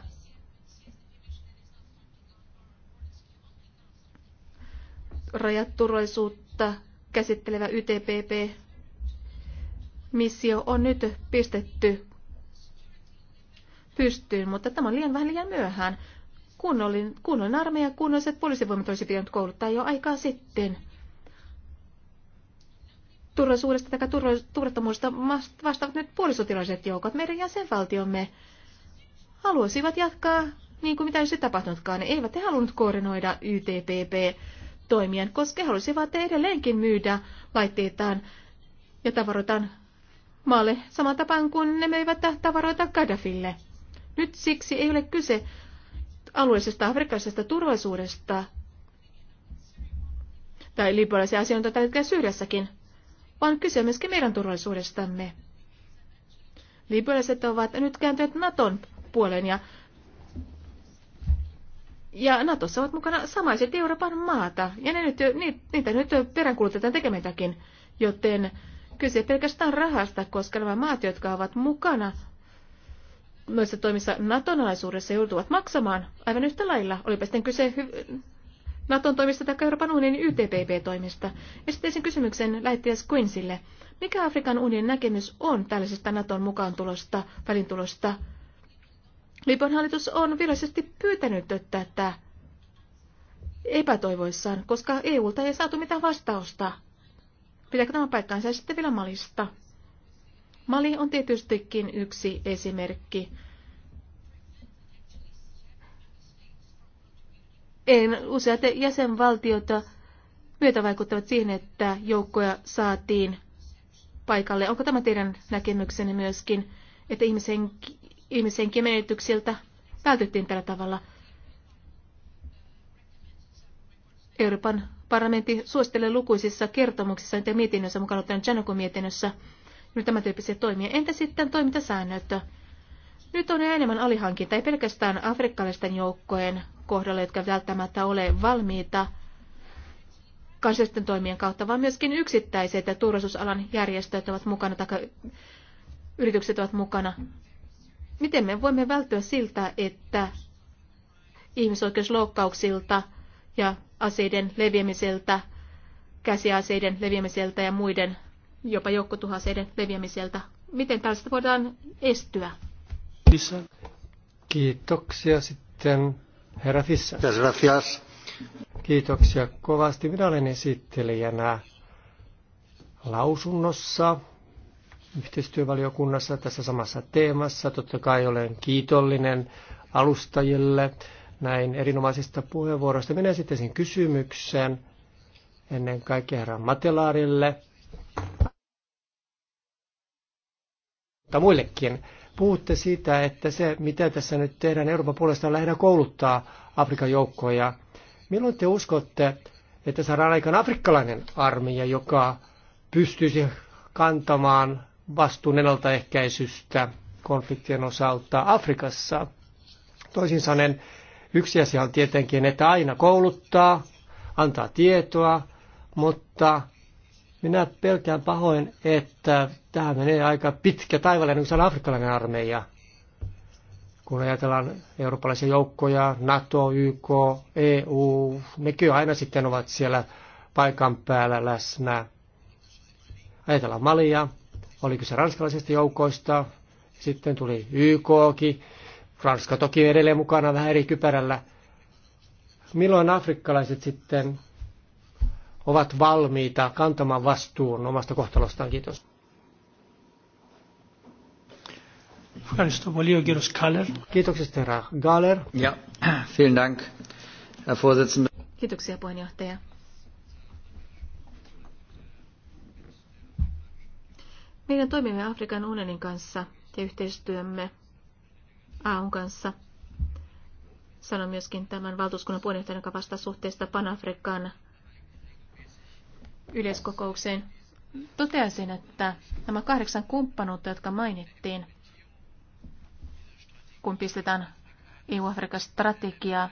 Rajaturvallisuutta käsittelevä YTPP-missio on nyt pistetty pystyyn, mutta tämä on liian vähän liian myöhään. Kunnollinen, kunnon armeija, kunnolliset poliisivoimat olisi pitänyt kouluttaa jo aikaa sitten. Turvallisuudesta tai turvattomuudesta vastaavat nyt puolisotilaiset joukot, meidän jäsenvaltiomme, haluaisivat jatkaa niin kuin mitä ei se tapahtunutkaan. Ne eivät he halunnut koordinoida YTPP toimien, koska he halusivat edelleenkin myydä laitteitaan ja tavaroitaan maalle saman tapaan kuin ne myivät tavaroita Gaddafille. Nyt siksi ei ole kyse alueellisesta afrikkalaisesta turvallisuudesta tai libyalaisia asioita tällä hetkellä Syyriassakin, vaan kyse on myöskin meidän turvallisuudestamme. Libyalaiset ovat nyt kääntyneet Naton puoleen ja, ja Natossa ovat mukana samaiset Euroopan maata. Ja ne nyt, niitä nyt peräänkulutetaan tekemätäkin, joten kyse pelkästään rahasta, koska nämä maat, jotka ovat mukana noissa toimissa Naton joutuvat maksamaan aivan yhtä lailla. Olipa sitten kyse Naton toimista tai Euroopan unionin YTPP-toimista. Esittäisin kysymyksen lähettiläs Quinsille. Mikä Afrikan unionin näkemys on tällaisesta Naton mukaantulosta, välintulosta? Libyan hallitus on virallisesti pyytänyt tätä epätoivoissaan, koska EUlta ei saatu mitään vastausta. Pitääkö tämä paikkaansa sitten vielä malista? Mali on tietystikin yksi esimerkki. En, useat jäsenvaltiota myötävaikuttavat siihen, että joukkoja saatiin paikalle. Onko tämä teidän näkemyksenne myöskin, että ihmisen, ihmisenkin menetyksiltä vältyttiin tällä tavalla? Euroopan parlamentti suosittelee lukuisissa kertomuksissa ja mietinnössä, mukaan ottaen Janukon mietinnössä, nyt tämän tyyppisiä toimia. Entä sitten toimintasäännöt? Nyt on enemmän alihankinta, ei pelkästään afrikkalaisten joukkojen kohdalla, jotka välttämättä ole valmiita kansallisten toimien kautta, vaan myöskin yksittäiset ja turvallisuusalan järjestöt ovat mukana tai yritykset ovat mukana. Miten me voimme välttyä siltä, että ihmisoikeusloukkauksilta ja aseiden leviämiseltä, käsiaseiden leviämiseltä ja muiden jopa joukkotuhaseiden leviämiseltä. Miten tällaista voidaan estyä? Fissa. Kiitoksia sitten herra Fissa. Kiitoksia kovasti. Minä olen esittelijänä lausunnossa yhteistyövaliokunnassa tässä samassa teemassa. Totta kai olen kiitollinen alustajille näin erinomaisista puheenvuoroista. Minä esittäisin kysymyksen ennen kaikkea herra Matelaarille – mutta muillekin. Puhutte siitä, että se mitä tässä nyt tehdään Euroopan puolesta on lähinnä kouluttaa Afrikan joukkoja. Milloin te uskotte, että saadaan aikaan afrikkalainen armeija, joka pystyisi kantamaan vastuun ennaltaehkäisystä konfliktien osalta Afrikassa? Toisin sanoen, yksi asia on tietenkin, että aina kouluttaa, antaa tietoa, mutta minä pelkään pahoin, että tämä menee aika pitkä taivaalle, niin kuin se on afrikkalainen armeija. Kun ajatellaan eurooppalaisia joukkoja, NATO, YK, EU, nekin aina sitten ovat siellä paikan päällä läsnä. Ajatellaan Malia, oli kyse ranskalaisista joukoista, sitten tuli YKkin, Ranska toki edelleen mukana vähän eri kypärällä. Milloin afrikkalaiset sitten ovat valmiita kantamaan vastuun omasta kohtalostaan. Kiitos. Kiitoksia, herra Galler. Ja, vielen dank, herra Kiitoksia puheenjohtaja. Meidän toimimme Afrikan unionin kanssa ja yhteistyömme AUn kanssa. Sanon myöskin tämän valtuuskunnan puheenjohtajan, joka vastaa suhteesta Pan-Afrikan yleiskokoukseen, toteaisin, että nämä kahdeksan kumppanuutta, jotka mainittiin, kun pistetään EU-Afrikan strategiaa,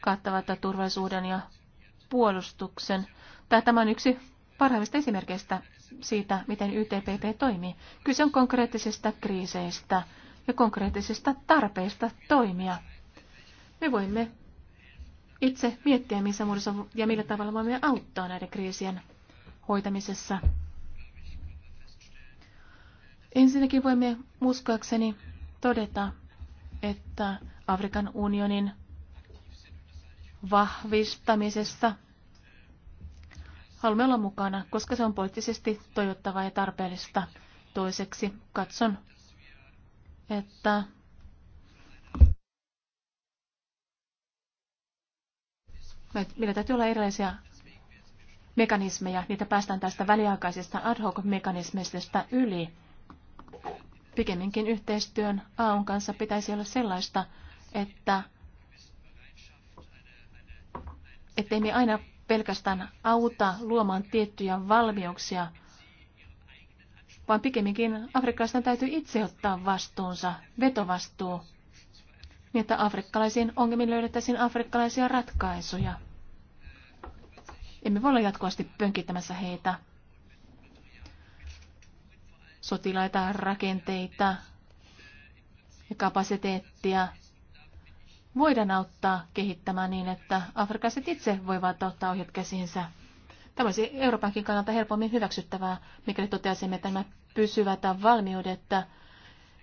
kattavat turvallisuuden ja puolustuksen. Tämä on yksi parhaimmista esimerkkeistä siitä, miten YTPP toimii. Kyse on konkreettisista kriiseistä ja konkreettisista tarpeista toimia. Me voimme itse miettiä, missä muodossa ja millä tavalla voimme auttaa näiden kriisien hoitamisessa. Ensinnäkin voimme uskoakseni todeta, että Afrikan unionin vahvistamisessa haluamme olla mukana, koska se on poliittisesti toivottavaa ja tarpeellista. Toiseksi katson, että Meillä täytyy olla erilaisia mekanismeja, niitä päästään tästä väliaikaisesta ad hoc-mekanismista yli. Pikemminkin yhteistyön AUn kanssa pitäisi olla sellaista, että ettei me aina pelkästään auta luomaan tiettyjä valmiuksia, vaan pikemminkin afrikkalaisten täytyy itse ottaa vastuunsa, vetovastuu niin että afrikkalaisiin ongelmiin löydettäisiin afrikkalaisia ratkaisuja. Emme voi olla jatkuvasti pönkittämässä heitä. Sotilaita, rakenteita ja kapasiteettia voidaan auttaa kehittämään niin, että afrikkalaiset itse voivat ottaa ohjat käsiinsä. Tämä olisi Euroopankin kannalta helpommin hyväksyttävää, mikäli toteaisimme, että nämä pysyvät valmiudet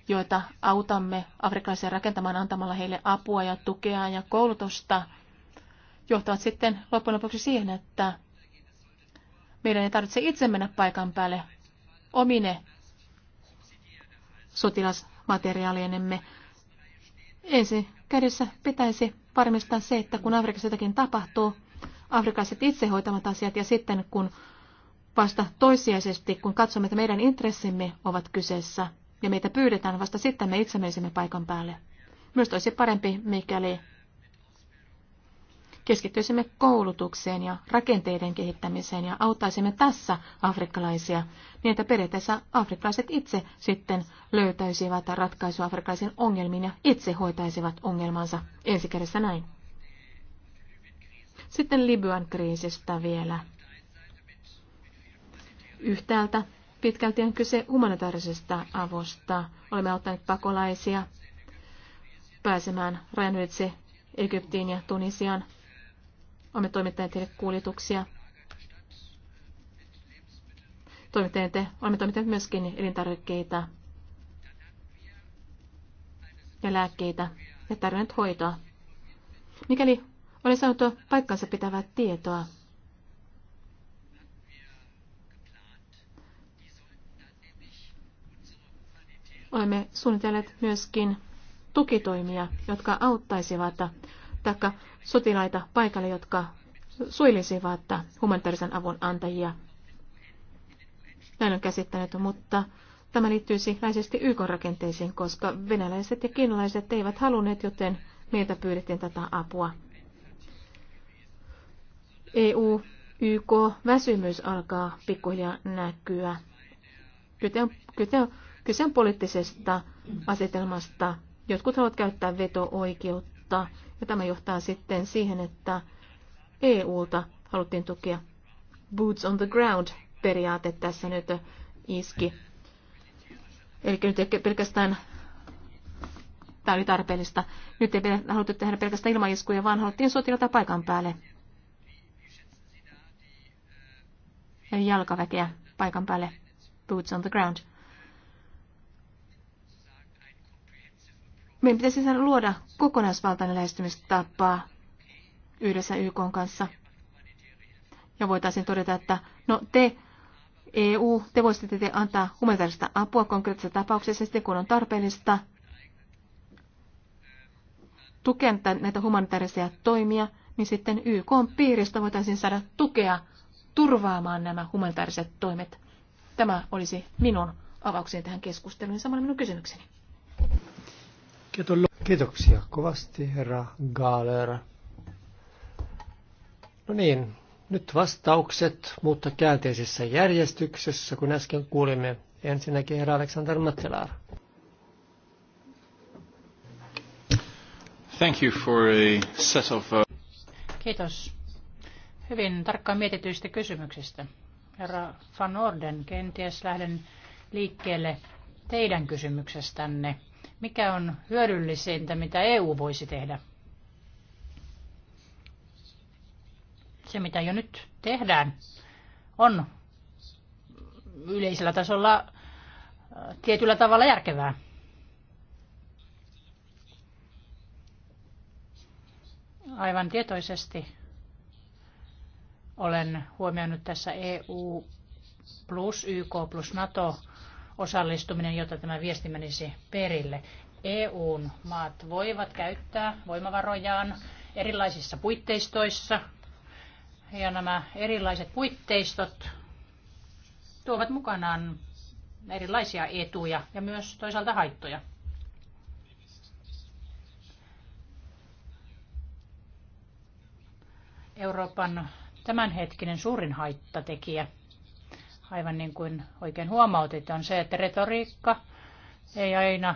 joita autamme afrikkalaisia rakentamaan antamalla heille apua ja tukea ja koulutusta, johtavat sitten loppujen lopuksi siihen, että meidän ei tarvitse itse mennä paikan päälle omine sotilasmateriaalienemme. Ensi kädessä pitäisi varmistaa se, että kun Afrikassa jotakin tapahtuu, afrikaiset itse hoitavat asiat ja sitten kun vasta toissijaisesti, kun katsomme, että meidän intressimme ovat kyseessä, ja meitä pyydetään vasta sitten me itse menisimme paikan päälle. Myös olisi parempi, mikäli keskittyisimme koulutukseen ja rakenteiden kehittämiseen ja auttaisimme tässä afrikkalaisia, niin että periaatteessa afrikkalaiset itse sitten löytäisivät ratkaisua afrikkalaisiin ongelmiin ja itse hoitaisivat ongelmansa Ensi kädessä näin. Sitten Libyan kriisistä vielä. Yhtäältä Pitkälti on kyse humanitaarisesta avusta. Olemme auttaneet pakolaisia pääsemään rajan ylitse Egyptiin ja Tunisiaan. Olemme toimittaneet heille kuljetuksia. Toimittaneet, olemme toimittaneet myöskin elintarvikkeita ja lääkkeitä ja tarjonneet hoitoa. Mikäli oli saanut paikkansa pitävää tietoa, Olemme suunnitelleet myöskin tukitoimia, jotka auttaisivat taikka sotilaita paikalle, jotka suojelisivat humanitaarisen avun antajia. Näin on käsittänyt, mutta tämä liittyisi läheisesti YK-rakenteisiin, koska venäläiset ja kiinalaiset eivät halunneet, joten meiltä pyydettiin tätä apua. EU, YK, väsymys alkaa pikkuhiljaa näkyä. Kyte, kyte Kyse on poliittisesta asetelmasta. Jotkut haluavat käyttää veto-oikeutta, ja tämä johtaa sitten siihen, että EUlta haluttiin tukea boots on the ground periaate tässä nyt iski. Eli nyt ei pelkästään, tämä oli tarpeellista, nyt ei haluttu tehdä pelkästään ilmaiskuja, vaan haluttiin sotilata paikan päälle. Eli jalkaväkeä paikan päälle, boots on the ground. Meidän pitäisi luoda kokonaisvaltainen lähestymistapa yhdessä YK kanssa. Ja voitaisiin todeta, että no te EU, te voisitte te antaa humanitaarista apua konkreettisessa tapauksessa sitten, kun on tarpeellista tukea näitä humanitaarisia toimia, niin sitten YK piiristä voitaisiin saada tukea turvaamaan nämä humanitaariset toimet. Tämä olisi minun avaukseni tähän keskusteluun ja samalla minun kysymykseni. Kiitoksia kovasti, herra Gaaler. No niin, nyt vastaukset, mutta käänteisessä järjestyksessä, kun äsken kuulimme ensinnäkin herra Aleksander Mattelar. Thank you for a set of, uh... Kiitos hyvin tarkkaan mietityistä kysymyksistä. Herra Van Orden, kenties lähden liikkeelle teidän kysymyksestänne mikä on hyödyllisintä, mitä EU voisi tehdä? Se, mitä jo nyt tehdään, on yleisellä tasolla äh, tietyllä tavalla järkevää. Aivan tietoisesti olen huomioinut tässä EU plus YK plus NATO osallistuminen, jotta tämä viesti menisi perille. EUn maat voivat käyttää voimavarojaan erilaisissa puitteistoissa, ja nämä erilaiset puitteistot tuovat mukanaan erilaisia etuja ja myös toisaalta haittoja. Euroopan tämänhetkinen suurin haittatekijä – aivan niin kuin oikein huomautit, on se, että retoriikka ei aina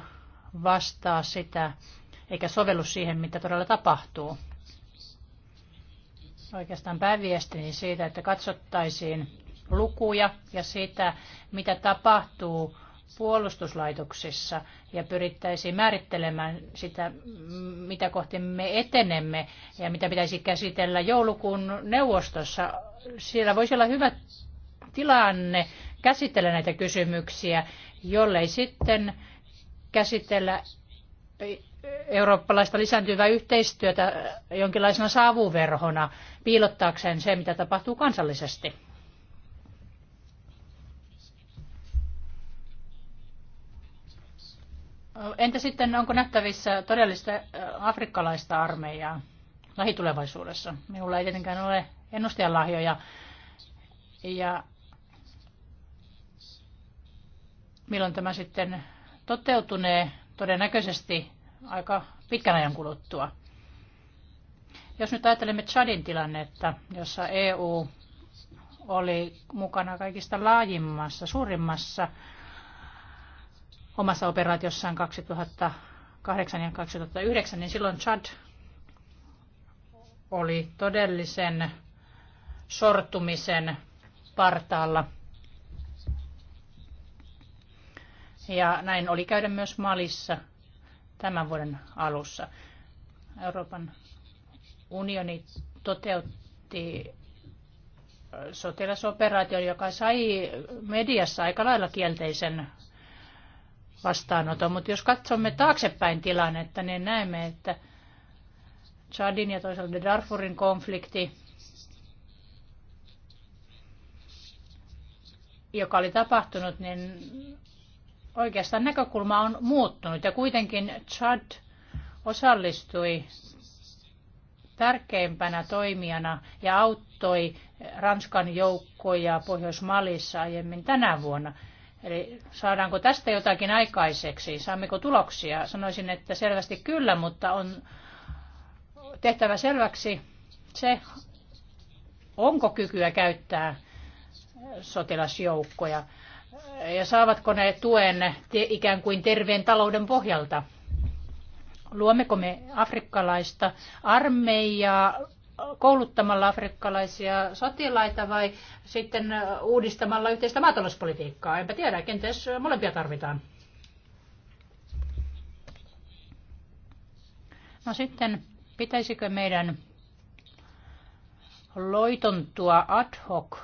vastaa sitä eikä sovellu siihen, mitä todella tapahtuu. Oikeastaan pääviestini siitä, että katsottaisiin lukuja ja sitä, mitä tapahtuu puolustuslaitoksissa ja pyrittäisiin määrittelemään sitä, mitä kohti me etenemme ja mitä pitäisi käsitellä joulukuun neuvostossa. Siellä voisi olla hyvä tilanne käsitellä näitä kysymyksiä, jollei sitten käsitellä eurooppalaista lisääntyvää yhteistyötä jonkinlaisena saavuverhona piilottaakseen se, mitä tapahtuu kansallisesti. Entä sitten, onko nähtävissä todellista äh, afrikkalaista armeijaa lähitulevaisuudessa? Minulla ei tietenkään ole ennustajan lahjoja. Ja Milloin tämä sitten toteutunee? Todennäköisesti aika pitkän ajan kuluttua. Jos nyt ajattelemme Chadin tilannetta, jossa EU oli mukana kaikista laajimmassa, suurimmassa omassa operaatiossaan 2008 ja 2009, niin silloin Chad oli todellisen sortumisen partaalla – Ja näin oli käydä myös Malissa tämän vuoden alussa. Euroopan unioni toteutti sotilasoperaation, joka sai mediassa aika lailla kielteisen vastaanoton. Mutta jos katsomme taaksepäin tilannetta, niin näemme, että Chadin ja toisaalta Darfurin konflikti, joka oli tapahtunut, niin Oikeastaan näkökulma on muuttunut ja kuitenkin Chad osallistui tärkeimpänä toimijana ja auttoi Ranskan joukkoja Pohjois-Malissa aiemmin tänä vuonna. Eli saadaanko tästä jotakin aikaiseksi? Saammeko tuloksia? Sanoisin, että selvästi kyllä, mutta on tehtävä selväksi se, onko kykyä käyttää sotilasjoukkoja ja saavatko ne tuen ikään kuin terveen talouden pohjalta? Luommeko me afrikkalaista armeijaa kouluttamalla afrikkalaisia sotilaita vai sitten uudistamalla yhteistä maatalouspolitiikkaa? Enpä tiedä, kenties molempia tarvitaan. No sitten, pitäisikö meidän loitontua ad hoc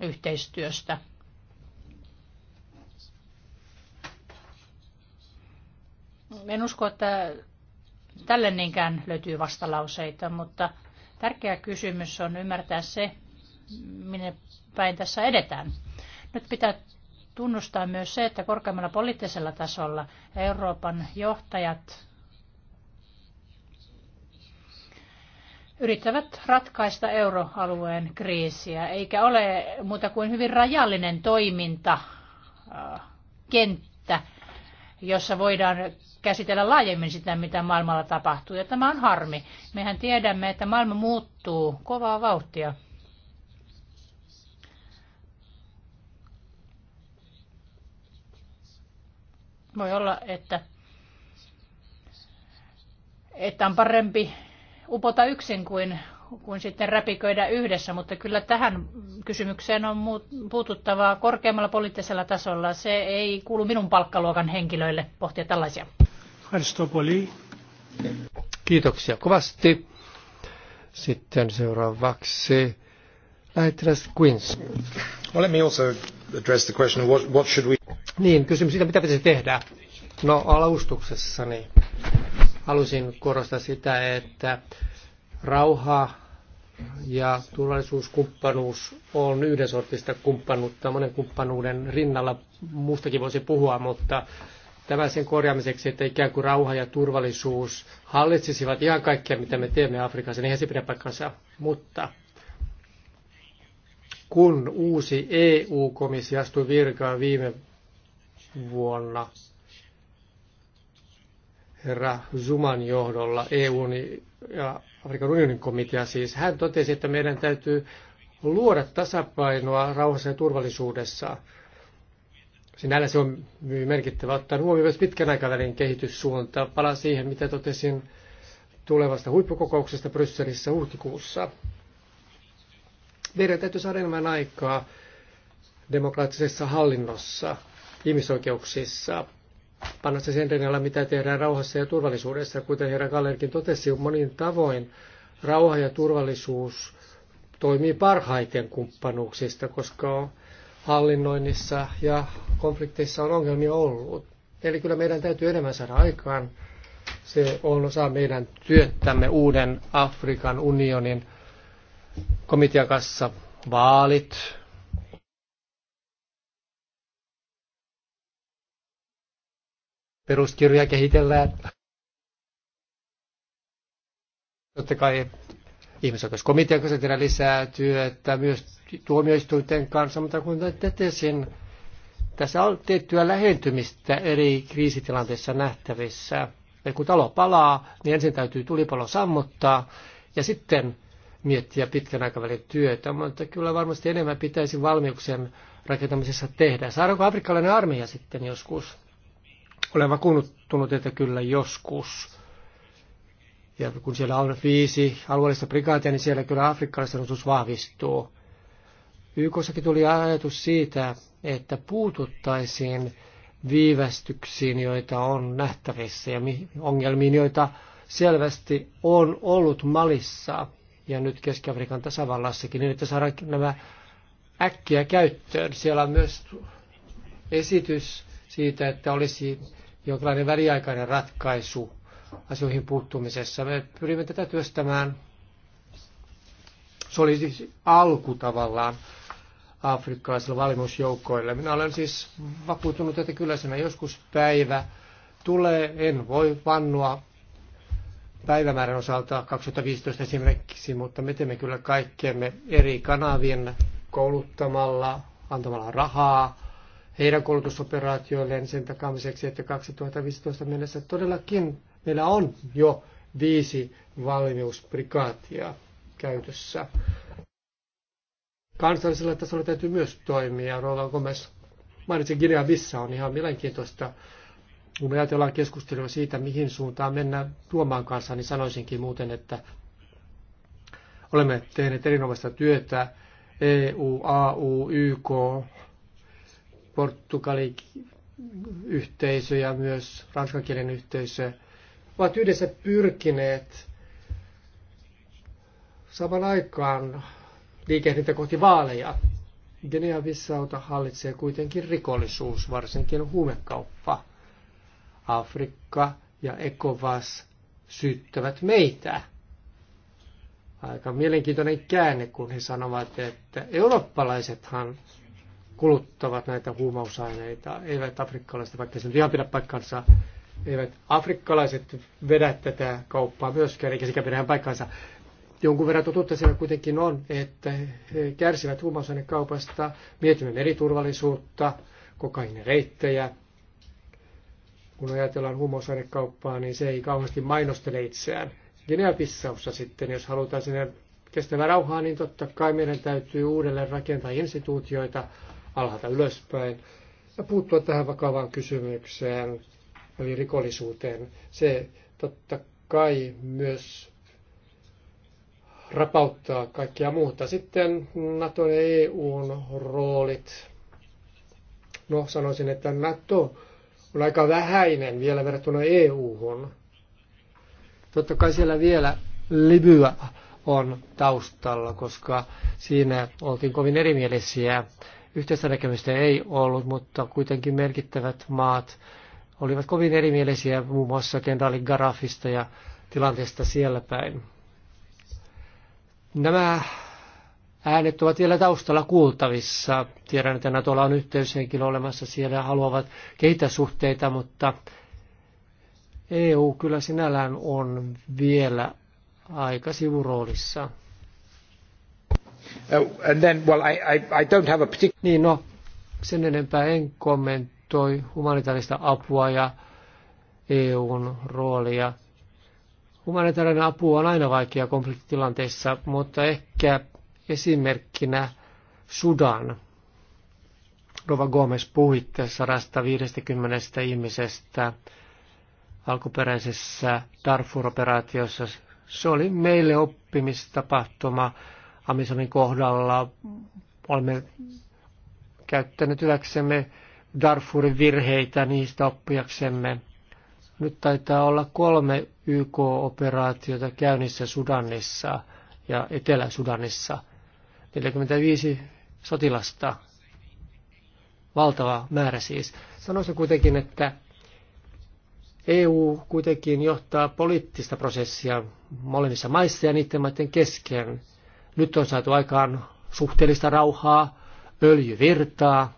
yhteistyöstä? En usko, että tälle niinkään löytyy vastalauseita, mutta tärkeä kysymys on ymmärtää se, minne päin tässä edetään. Nyt pitää tunnustaa myös se, että korkeammalla poliittisella tasolla Euroopan johtajat yrittävät ratkaista euroalueen kriisiä, eikä ole muuta kuin hyvin rajallinen toiminta äh, kenttä, jossa voidaan käsitellä laajemmin sitä, mitä maailmalla tapahtuu. Ja tämä on harmi. Mehän tiedämme, että maailma muuttuu kovaa vauhtia. Voi olla, että, että on parempi upota yksin kuin kuin sitten räpiköidä yhdessä, mutta kyllä tähän kysymykseen on puututtavaa korkeammalla poliittisella tasolla. Se ei kuulu minun palkkaluokan henkilöille pohtia tällaisia. Kiitoksia kovasti. Sitten seuraavaksi lähettiläs Queens. Well, let me also address the question of what, what should we... Niin, kysymys siitä, mitä pitäisi tehdä. No, alustuksessani halusin korostaa sitä, että rauha ja turvallisuuskumppanuus on yhden sortista kumppanuutta. Monen kumppanuuden rinnalla muustakin voisi puhua, mutta tämän sen korjaamiseksi, että ikään kuin rauha ja turvallisuus hallitsisivat ihan kaikkea, mitä me teemme Afrikassa, niin eihän se pidä paikkansa. Mutta kun uusi EU-komissio astui virkaan viime vuonna herra Zuman johdolla EUn ja Afrikan unionin komitea siis, hän totesi, että meidän täytyy luoda tasapainoa rauhassa ja turvallisuudessa. Sinällä se on merkittävä ottaa huomioon myös pitkän aikavälin kehityssuunta. Palaan siihen, mitä totesin tulevasta huippukokouksesta Brysselissä huhtikuussa. Meidän täytyy saada enemmän aikaa demokraattisessa hallinnossa, ihmisoikeuksissa, pannassa sen rinnalla, mitä tehdään rauhassa ja turvallisuudessa. Kuten herra Kallerkin totesi, monin tavoin rauha ja turvallisuus toimii parhaiten kumppanuuksista, koska hallinnoinnissa ja konflikteissa on ongelmia ollut. Eli kyllä meidän täytyy enemmän saada aikaan. Se on osa meidän työttämme uuden Afrikan unionin komiteakassa vaalit, peruskirjoja kehitellään. Totta kai ihmisoikeuskomitean kanssa tehdään lisää työtä, myös tuomioistuinten kanssa, mutta kun sen, tässä on tiettyä lähentymistä eri kriisitilanteissa nähtävissä. Eli kun talo palaa, niin ensin täytyy tulipalo sammuttaa ja sitten miettiä pitkän aikavälin työtä, mutta kyllä varmasti enemmän pitäisi valmiuksien rakentamisessa tehdä. Saadaanko afrikkalainen armeija sitten joskus? Olen vakuuttunut, että kyllä joskus. Ja kun siellä on viisi alueellista prikaatia, niin siellä kyllä afrikkalaisen osuus vahvistuu. YKssakin tuli ajatus siitä, että puututtaisiin viivästyksiin, joita on nähtävissä ja ongelmiin, joita selvästi on ollut Malissa ja nyt Keski-Afrikan tasavallassakin, niin että saadaan nämä äkkiä käyttöön. Siellä on myös esitys siitä, että olisi jonkinlainen väliaikainen ratkaisu asioihin puuttumisessa. Me pyrimme tätä työstämään. Se oli siis alku tavallaan afrikkalaisille valmiusjoukoille. Minä olen siis vakuutunut, että kyllä siinä joskus päivä tulee. En voi vannua päivämäärän osalta 2015 esimerkiksi, mutta me teemme kyllä kaikkemme eri kanavien kouluttamalla, antamalla rahaa, heidän koulutusoperaatioilleen sen takaamiseksi, että 2015 mennessä todellakin meillä on jo viisi valmiusprikaatia käytössä. Kansallisella tasolla täytyy myös toimia. Roland Gomez mainitsi Guinea Vissa on ihan mielenkiintoista. Kun me ajatellaan keskustelua siitä, mihin suuntaan mennään tuomaan kanssa, niin sanoisinkin muuten, että olemme tehneet erinomaista työtä EU, AU, YK, Portugali yhteisö ja myös ranskankielinen yhteisö ovat yhdessä pyrkineet saman aikaan liikehdintä kohti vaaleja. guinea Vissauta hallitsee kuitenkin rikollisuus, varsinkin huumekauppa. Afrikka ja Ekovas syyttävät meitä. Aika mielenkiintoinen käänne, kun he sanovat, että eurooppalaisethan kuluttavat näitä huumausaineita, eivät afrikkalaiset, vaikka se nyt ihan pidä paikkansa, eivät afrikkalaiset vedä tätä kauppaa myöskään, eikä sekä pidä paikkansa. Jonkun verran totuutta siellä kuitenkin on, että he kärsivät huumausainekaupasta, mietimme meriturvallisuutta, kokainireittejä. Kun ajatellaan huumausainekauppaa, niin se ei kauheasti mainostele itseään. guinea sitten, jos halutaan sinne kestävää rauhaa, niin totta kai meidän täytyy uudelleen rakentaa instituutioita, alhaalta ylöspäin ja puuttua tähän vakavaan kysymykseen, eli rikollisuuteen. Se totta kai myös rapauttaa kaikkia muuta. Sitten Naton ja EUn roolit. No, sanoisin, että Nato on aika vähäinen vielä verrattuna EUhun. Totta kai siellä vielä Libya on taustalla, koska siinä oltiin kovin erimielisiä Yhteistä näkemystä ei ollut, mutta kuitenkin merkittävät maat olivat kovin erimielisiä muun muassa kenraali Garafista ja tilanteesta siellä päin. Nämä äänet ovat vielä taustalla kuultavissa. Tiedän, että Natolla on yhteyshenkilö olemassa siellä ja haluavat kehittää suhteita, mutta EU kyllä sinällään on vielä aika sivuroolissa. Uh, and then, well, I, I, I don't have a particular... Niin, no, sen enempää en kommentoi humanitaarista apua ja EUn roolia. Humanitaarinen apu on aina vaikea konfliktitilanteissa, mutta ehkä esimerkkinä Sudan. Rova Gomes tässä 150 ihmisestä alkuperäisessä Darfur-operaatiossa. Se oli meille oppimistapahtuma Amisonin kohdalla olemme käyttäneet yläksemme Darfurin virheitä niistä oppiaksemme. Nyt taitaa olla kolme YK-operaatiota käynnissä Sudanissa ja Etelä-Sudanissa. 45 sotilasta. Valtava määrä siis. Sanoisin kuitenkin, että EU kuitenkin johtaa poliittista prosessia molemmissa maissa ja niiden maiden kesken – nyt on saatu aikaan suhteellista rauhaa, öljyvirtaa,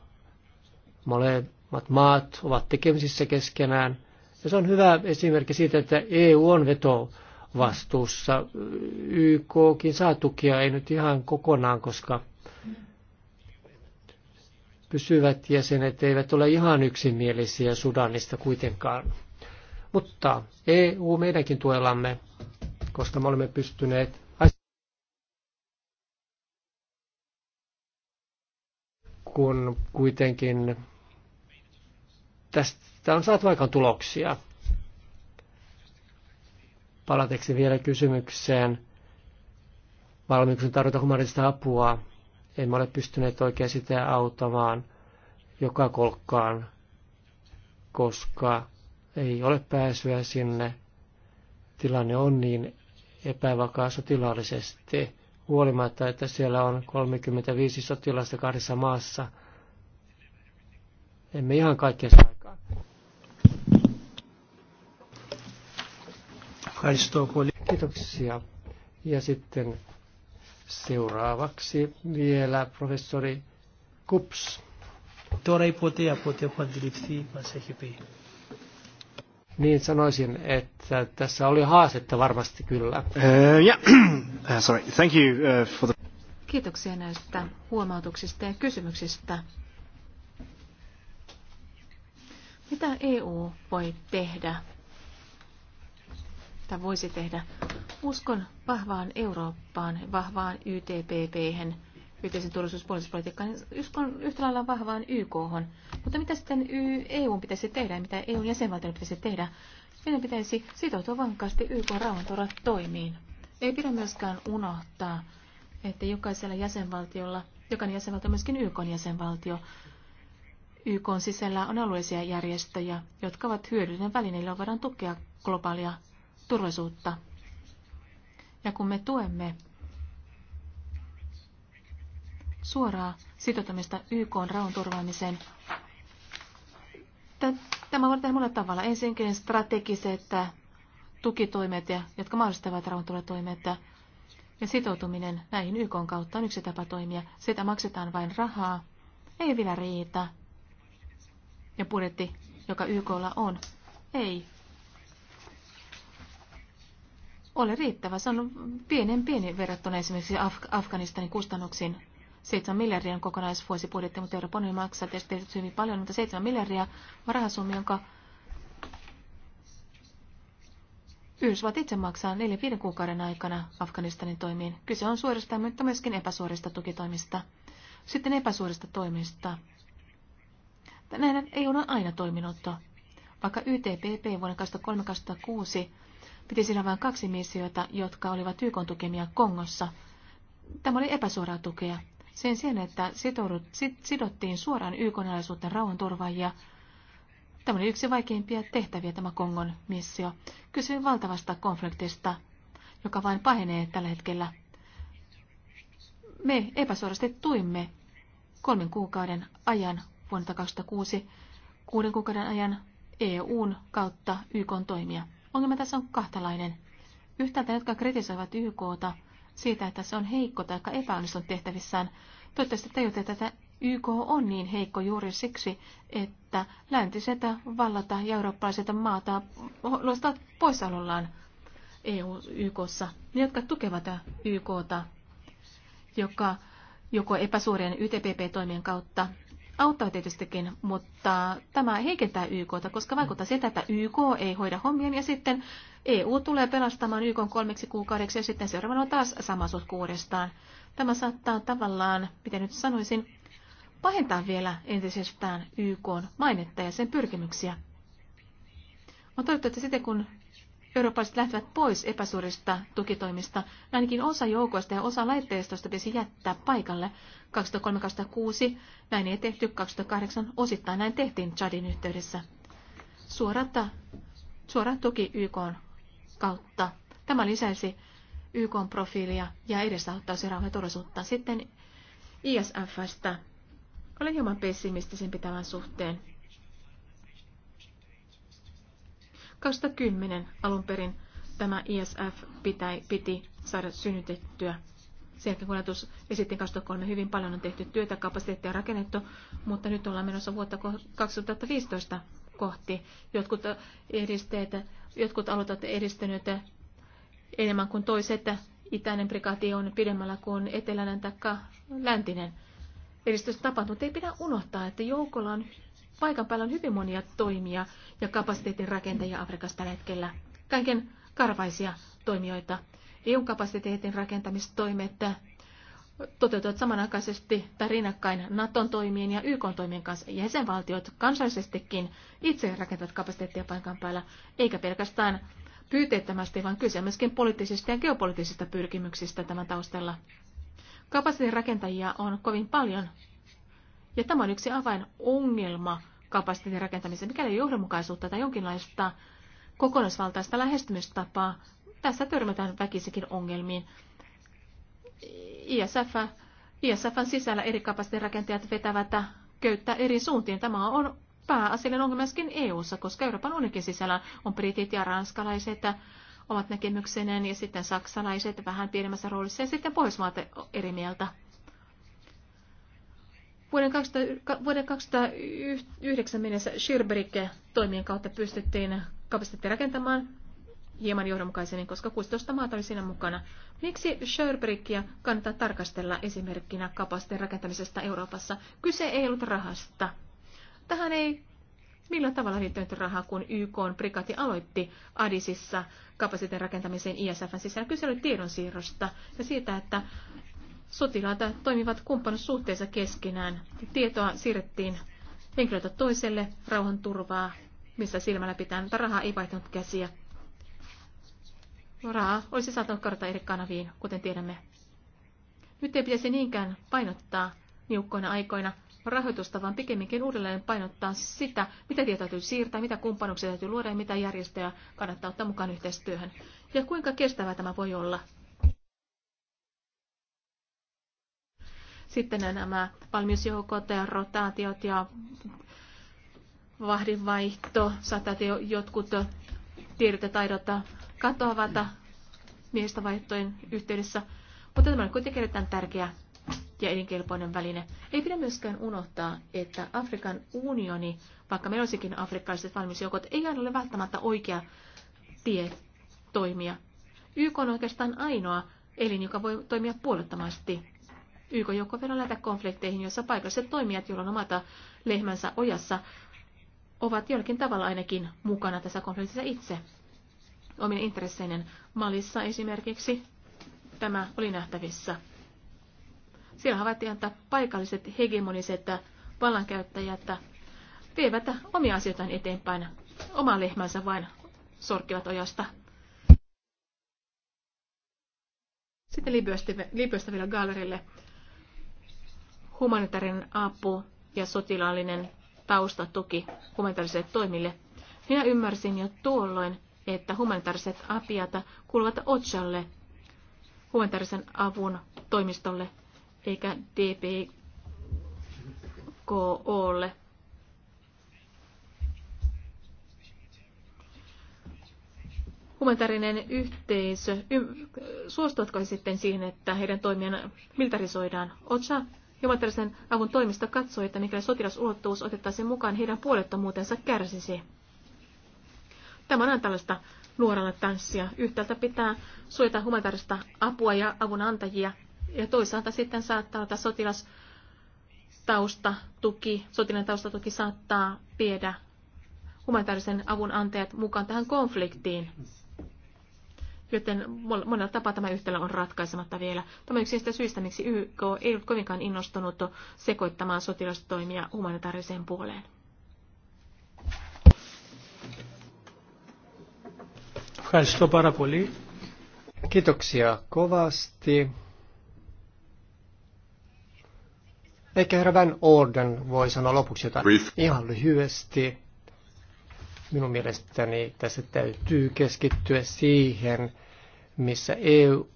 molemmat maat ovat tekemisissä keskenään. Ja se on hyvä esimerkki siitä, että EU on veto vastuussa. YKkin saa tukia, ei nyt ihan kokonaan, koska pysyvät jäsenet eivät ole ihan yksimielisiä Sudanista kuitenkaan. Mutta EU meidänkin tuellamme, koska me olemme pystyneet kun kuitenkin tästä on saatu aikaan tuloksia. Palateksi vielä kysymykseen valmiuksen tarjota humanitaista apua. Emme ole pystyneet oikein sitä auttamaan joka kolkkaan, koska ei ole pääsyä sinne. Tilanne on niin epävakaa sotilaallisesti huolimatta, että siellä on 35 sotilasta kahdessa maassa. Emme ihan kaikkea saa aikaan. Kiitoksia. Ja sitten seuraavaksi vielä professori Kups. Τώρα ei potea potea ό,τι έχω niin sanoisin, että tässä oli haastetta varmasti kyllä. Uh, yeah. uh, sorry. Thank you, uh, for the... Kiitoksia näistä huomautuksista ja kysymyksistä. Mitä EU voi tehdä tai voisi tehdä? Uskon vahvaan Eurooppaan, vahvaan YTPP, yhteisen turvallisuuspolitiikkaan, uskon niin yhtä lailla vahvaan YK. -hon. Mutta mitä sitten EU pitäisi tehdä ja mitä EUn jäsenvaltioiden pitäisi tehdä? Meidän pitäisi sitoutua vankasti YK rauhantorat toimiin. Ei pidä myöskään unohtaa, että jokaisella jäsenvaltiolla, jokainen jäsenvaltio on myöskin YK jäsenvaltio, YK on sisällä on alueellisia järjestöjä, jotka ovat hyödyllinen väline, joilla voidaan tukea globaalia turvallisuutta. Ja kun me tuemme suoraa sitoutumista YK on rauhan turvaamiseen. Tämä voi tehdä monella tavalla. Ensinnäkin strategiset äh, tukitoimet, jotka mahdollistavat toimet äh, ja sitoutuminen näihin YK kautta on yksi tapa toimia. Sitä maksetaan vain rahaa. Ei vielä riitä. Ja budjetti, joka YKlla on, ei ole riittävä. Se on pienen pieni verrattuna esimerkiksi Af- Afganistanin kustannuksiin. 7 on kokonaisvuosibudjetti, mutta Euroopan unioni maksaa tietysti hyvin paljon, mutta 7 miljardia rahasummi, jonka Yhdysvallat itse maksaa 4-5 kuukauden aikana Afganistanin toimiin. Kyse on suorista, mutta myöskin epäsuorista tukitoimista. Sitten epäsuorista toimista. Näin ei ole aina toiminut. Vaikka YTPP vuonna 2003-2006 piti siinä vain kaksi missiota, jotka olivat YK tukemia Kongossa. Tämä oli epäsuoraa tukea sen sijaan, että sitoudut, sidottiin suoraan YK-alaisuuteen rauhanturvaajia. Tämä oli yksi vaikeimpia tehtäviä tämä Kongon missio. Kysyin valtavasta konfliktista, joka vain pahenee tällä hetkellä. Me epäsuorasti tuimme kolmen kuukauden ajan vuonna 2006, kuuden kuukauden ajan EUn kautta YKn toimia. Ongelma tässä on kahtalainen. Yhtäältä, jotka kritisoivat YKta, siitä, että se on heikko tai epäonnistunut tehtävissään. Toivottavasti tajutte, että tätä YK on niin heikko juuri siksi, että läntiseltä vallata ja eurooppalaiselta maata luostaa poissaolollaan EU-YKssa. Ne, jotka tukevat YKta, joka joko epäsuorien YTPP-toimien kautta auttaa tietystikin, mutta tämä heikentää YKta, koska vaikuttaa sitä, että YK ei hoida hommien ja sitten EU tulee pelastamaan YK kolmeksi kuukaudeksi ja sitten seuraavana on taas sama uudestaan. Tämä saattaa tavallaan, miten nyt sanoisin, pahentaa vielä entisestään YK mainetta ja sen pyrkimyksiä. On toivottu, että sitten kun eurooppalaiset lähtevät pois epäsuorista tukitoimista, ainakin osa joukoista ja osa laitteistosta pitäisi jättää paikalle. 2003-2006 näin ei tehty, 2008 osittain näin tehtiin Chadin yhteydessä. Suorata, suora tuki YK kautta. Tämä lisäisi YK profiilia ja edesauttaisi rauhan turvallisuutta. Sitten ISFstä. Olen hieman pessimistisen pitävän suhteen. 2010 alun perin tämä ISF pitäi, piti saada synnytettyä. Sen jälkeen kun esittiin 2003, hyvin paljon on tehty työtä, kapasiteettia rakennettu, mutta nyt ollaan menossa vuotta 2015 kohti. Jotkut edisteet jotkut alueet ovat edistyneet enemmän kuin toiset. Itäinen prikaati on pidemmällä kuin eteläinen tai läntinen. Edistys tapahtunut. Ei pidä unohtaa, että joukolla on paikan päällä on hyvin monia toimia ja kapasiteetin rakentajia Afrikassa tällä hetkellä. Kaiken karvaisia toimijoita. EU-kapasiteetin rakentamistoimet toteutuvat samanaikaisesti tai rinnakkain Naton toimien ja YK toimien kanssa. Jäsenvaltiot kansallisestikin itse rakentavat kapasiteettia paikan päällä, eikä pelkästään pyyteettömästi, vaan kyse myöskin poliittisista ja geopoliittisista pyrkimyksistä tämän taustalla. Kapasiteetin rakentajia on kovin paljon, ja tämä on yksi avainongelma kapasiteetin rakentamiseen, mikäli johdonmukaisuutta tai jonkinlaista kokonaisvaltaista lähestymistapaa. Tässä törmätään väkisikin ongelmiin ISF, ISFn sisällä eri kapasiteettirakenteet vetävät köyttä eri suuntiin. Tämä on pääasiallinen ongelma myöskin EU-ssa, koska Euroopan unionin sisällä on britit ja ranskalaiset omat näkemyksineen ja sitten saksalaiset vähän pienemmässä roolissa ja sitten Pohjoismaat eri mieltä. Vuoden 2009 mennessä Schirberike toimien kautta pystyttiin kapasiteetti rakentamaan hieman johdonmukaisemmin, koska 16 maata oli siinä mukana. Miksi Sherbrickia kannattaa tarkastella esimerkkinä kapasiteen rakentamisesta Euroopassa? Kyse ei ollut rahasta. Tähän ei millä tavalla liittynyt rahaa, kun YK on prikati aloitti Adisissa kapasiteen rakentamiseen ISFn sisällä. Kyse oli tiedonsiirrosta ja siitä, että sotilaat toimivat kumppanussuhteessa keskenään. Tietoa siirrettiin henkilöltä toiselle, rauhanturvaa, missä silmällä pitää, mutta rahaa ei vaihtanut käsiä Rahaa olisi saattanut karata eri kanaviin, kuten tiedämme. Nyt ei pitäisi niinkään painottaa niukkoina aikoina rahoitusta, vaan pikemminkin uudelleen painottaa sitä, mitä tietoa täytyy siirtää, mitä kumppanuksia täytyy luoda ja mitä järjestöjä kannattaa ottaa mukaan yhteistyöhön. Ja kuinka kestävää tämä voi olla. Sitten nämä valmiusjoukot ja rotaatiot ja vahdinvaihto, saattaa jotkut tiedot ja taidot katoavata miestä vaihtojen yhteydessä, mutta tämä on kuitenkin erittäin tärkeä ja elinkelpoinen väline. Ei pidä myöskään unohtaa, että Afrikan unioni, vaikka meillä olisikin afrikkalaiset valmisjoukot, ei aina ole välttämättä oikea tie toimia. YK on oikeastaan ainoa elin, joka voi toimia puolettomasti. YK joukko vielä lähteä konflikteihin, joissa paikalliset toimijat, joilla on omata lehmänsä ojassa, ovat jollakin tavalla ainakin mukana tässä konfliktissa itse omien intresseinen. Malissa esimerkiksi tämä oli nähtävissä. Siellä havaittiin, että paikalliset hegemoniset vallankäyttäjät vievät omia asioitaan eteenpäin. Oma lehmänsä vain sorkkivat ojasta. Sitten Libyöstä vielä gallerille. Humanitaarinen apu ja sotilaallinen taustatuki humanitaarisille toimille. Minä ymmärsin jo tuolloin, että humanitaariset apiat kuuluvat Otsalle humanitaarisen avun toimistolle eikä DPKOlle. humanitaarinen yhteisö, ym, suostuvatko he sitten siihen, että heidän toimiaan militarisoidaan? Otsa humanitaarisen avun toimisto katsoi, että mikäli sotilasulottuvuus otettaisiin mukaan, heidän puolettomuutensa kärsisi. Tämä on tällaista nuorella tanssia. Yhtäältä pitää suojata humanitaarista apua ja avunantajia, ja toisaalta sitten saattaa olla sotilas taustatuki, sotilainen taustatuki saattaa viedä humanitaarisen avun antajat mukaan tähän konfliktiin. Joten monella tapaa tämä yhtälö on ratkaisematta vielä. Tämä on yksi niistä syistä, miksi YK ei ollut kovinkaan innostunut sekoittamaan sotilastoimia humanitaariseen puoleen. Ευχαριστώ πάρα πολύ. Kiitoksia kovasti. Ehkä herra Van Orden voi sanoa lopuksi jotain Brief. ihan lyhyesti. Minun mielestäni tässä täytyy keskittyä siihen, missä EU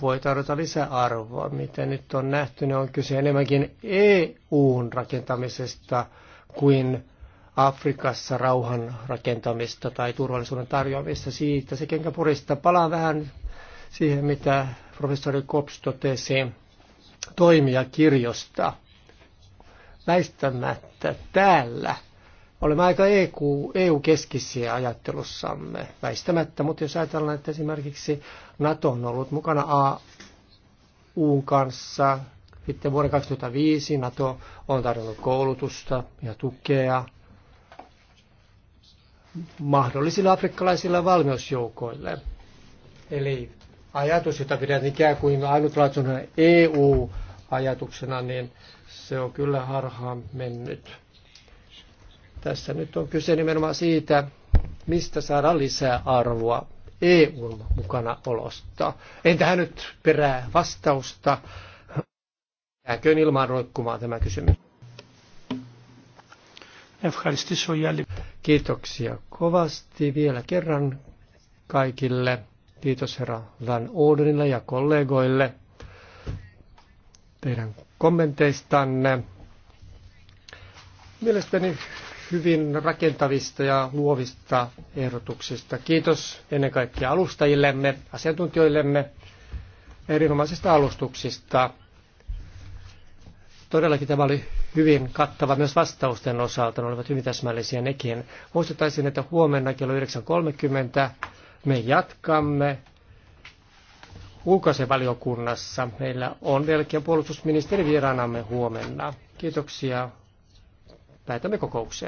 voi tarjota lisäarvoa. Mitä nyt on nähty, ne niin on kyse enemmänkin EUn rakentamisesta kuin Afrikassa rauhan rakentamista tai turvallisuuden tarjoamista siitä. Se kenkä purista. Palaan vähän siihen, mitä professori Kops totesi toimijakirjosta. Väistämättä täällä olemme aika EU-keskisiä e ajattelussamme väistämättä, mutta jos ajatellaan, että esimerkiksi NATO on ollut mukana AUn kanssa sitten vuoden 2005 NATO on tarjonnut koulutusta ja tukea mahdollisille afrikkalaisille valmiusjoukoille. Eli ajatus, jota pidän ikään kuin ainutlaatuisena EU-ajatuksena, niin se on kyllä harhaan mennyt. Tässä nyt on kyse nimenomaan siitä, mistä saada lisää arvoa EUn mukana olosta. En tähän nyt perää vastausta. Jääköön ilmaan roikkumaan tämä kysymys. Kiitoksia kovasti vielä kerran kaikille. Kiitos herra Van Oudenille ja kollegoille teidän kommenteistanne. Mielestäni hyvin rakentavista ja luovista ehdotuksista. Kiitos ennen kaikkea alustajillemme, asiantuntijoillemme erinomaisista alustuksista. Todellakin tämä oli hyvin kattava myös vastausten osalta, ne olivat hyvin täsmällisiä nekin. Muistuttaisin, että huomenna kello 9.30 me jatkamme ulkoasevaliokunnassa. Meillä on vieläkin puolustusministeri vieraanamme huomenna. Kiitoksia. Päätämme kokouksen.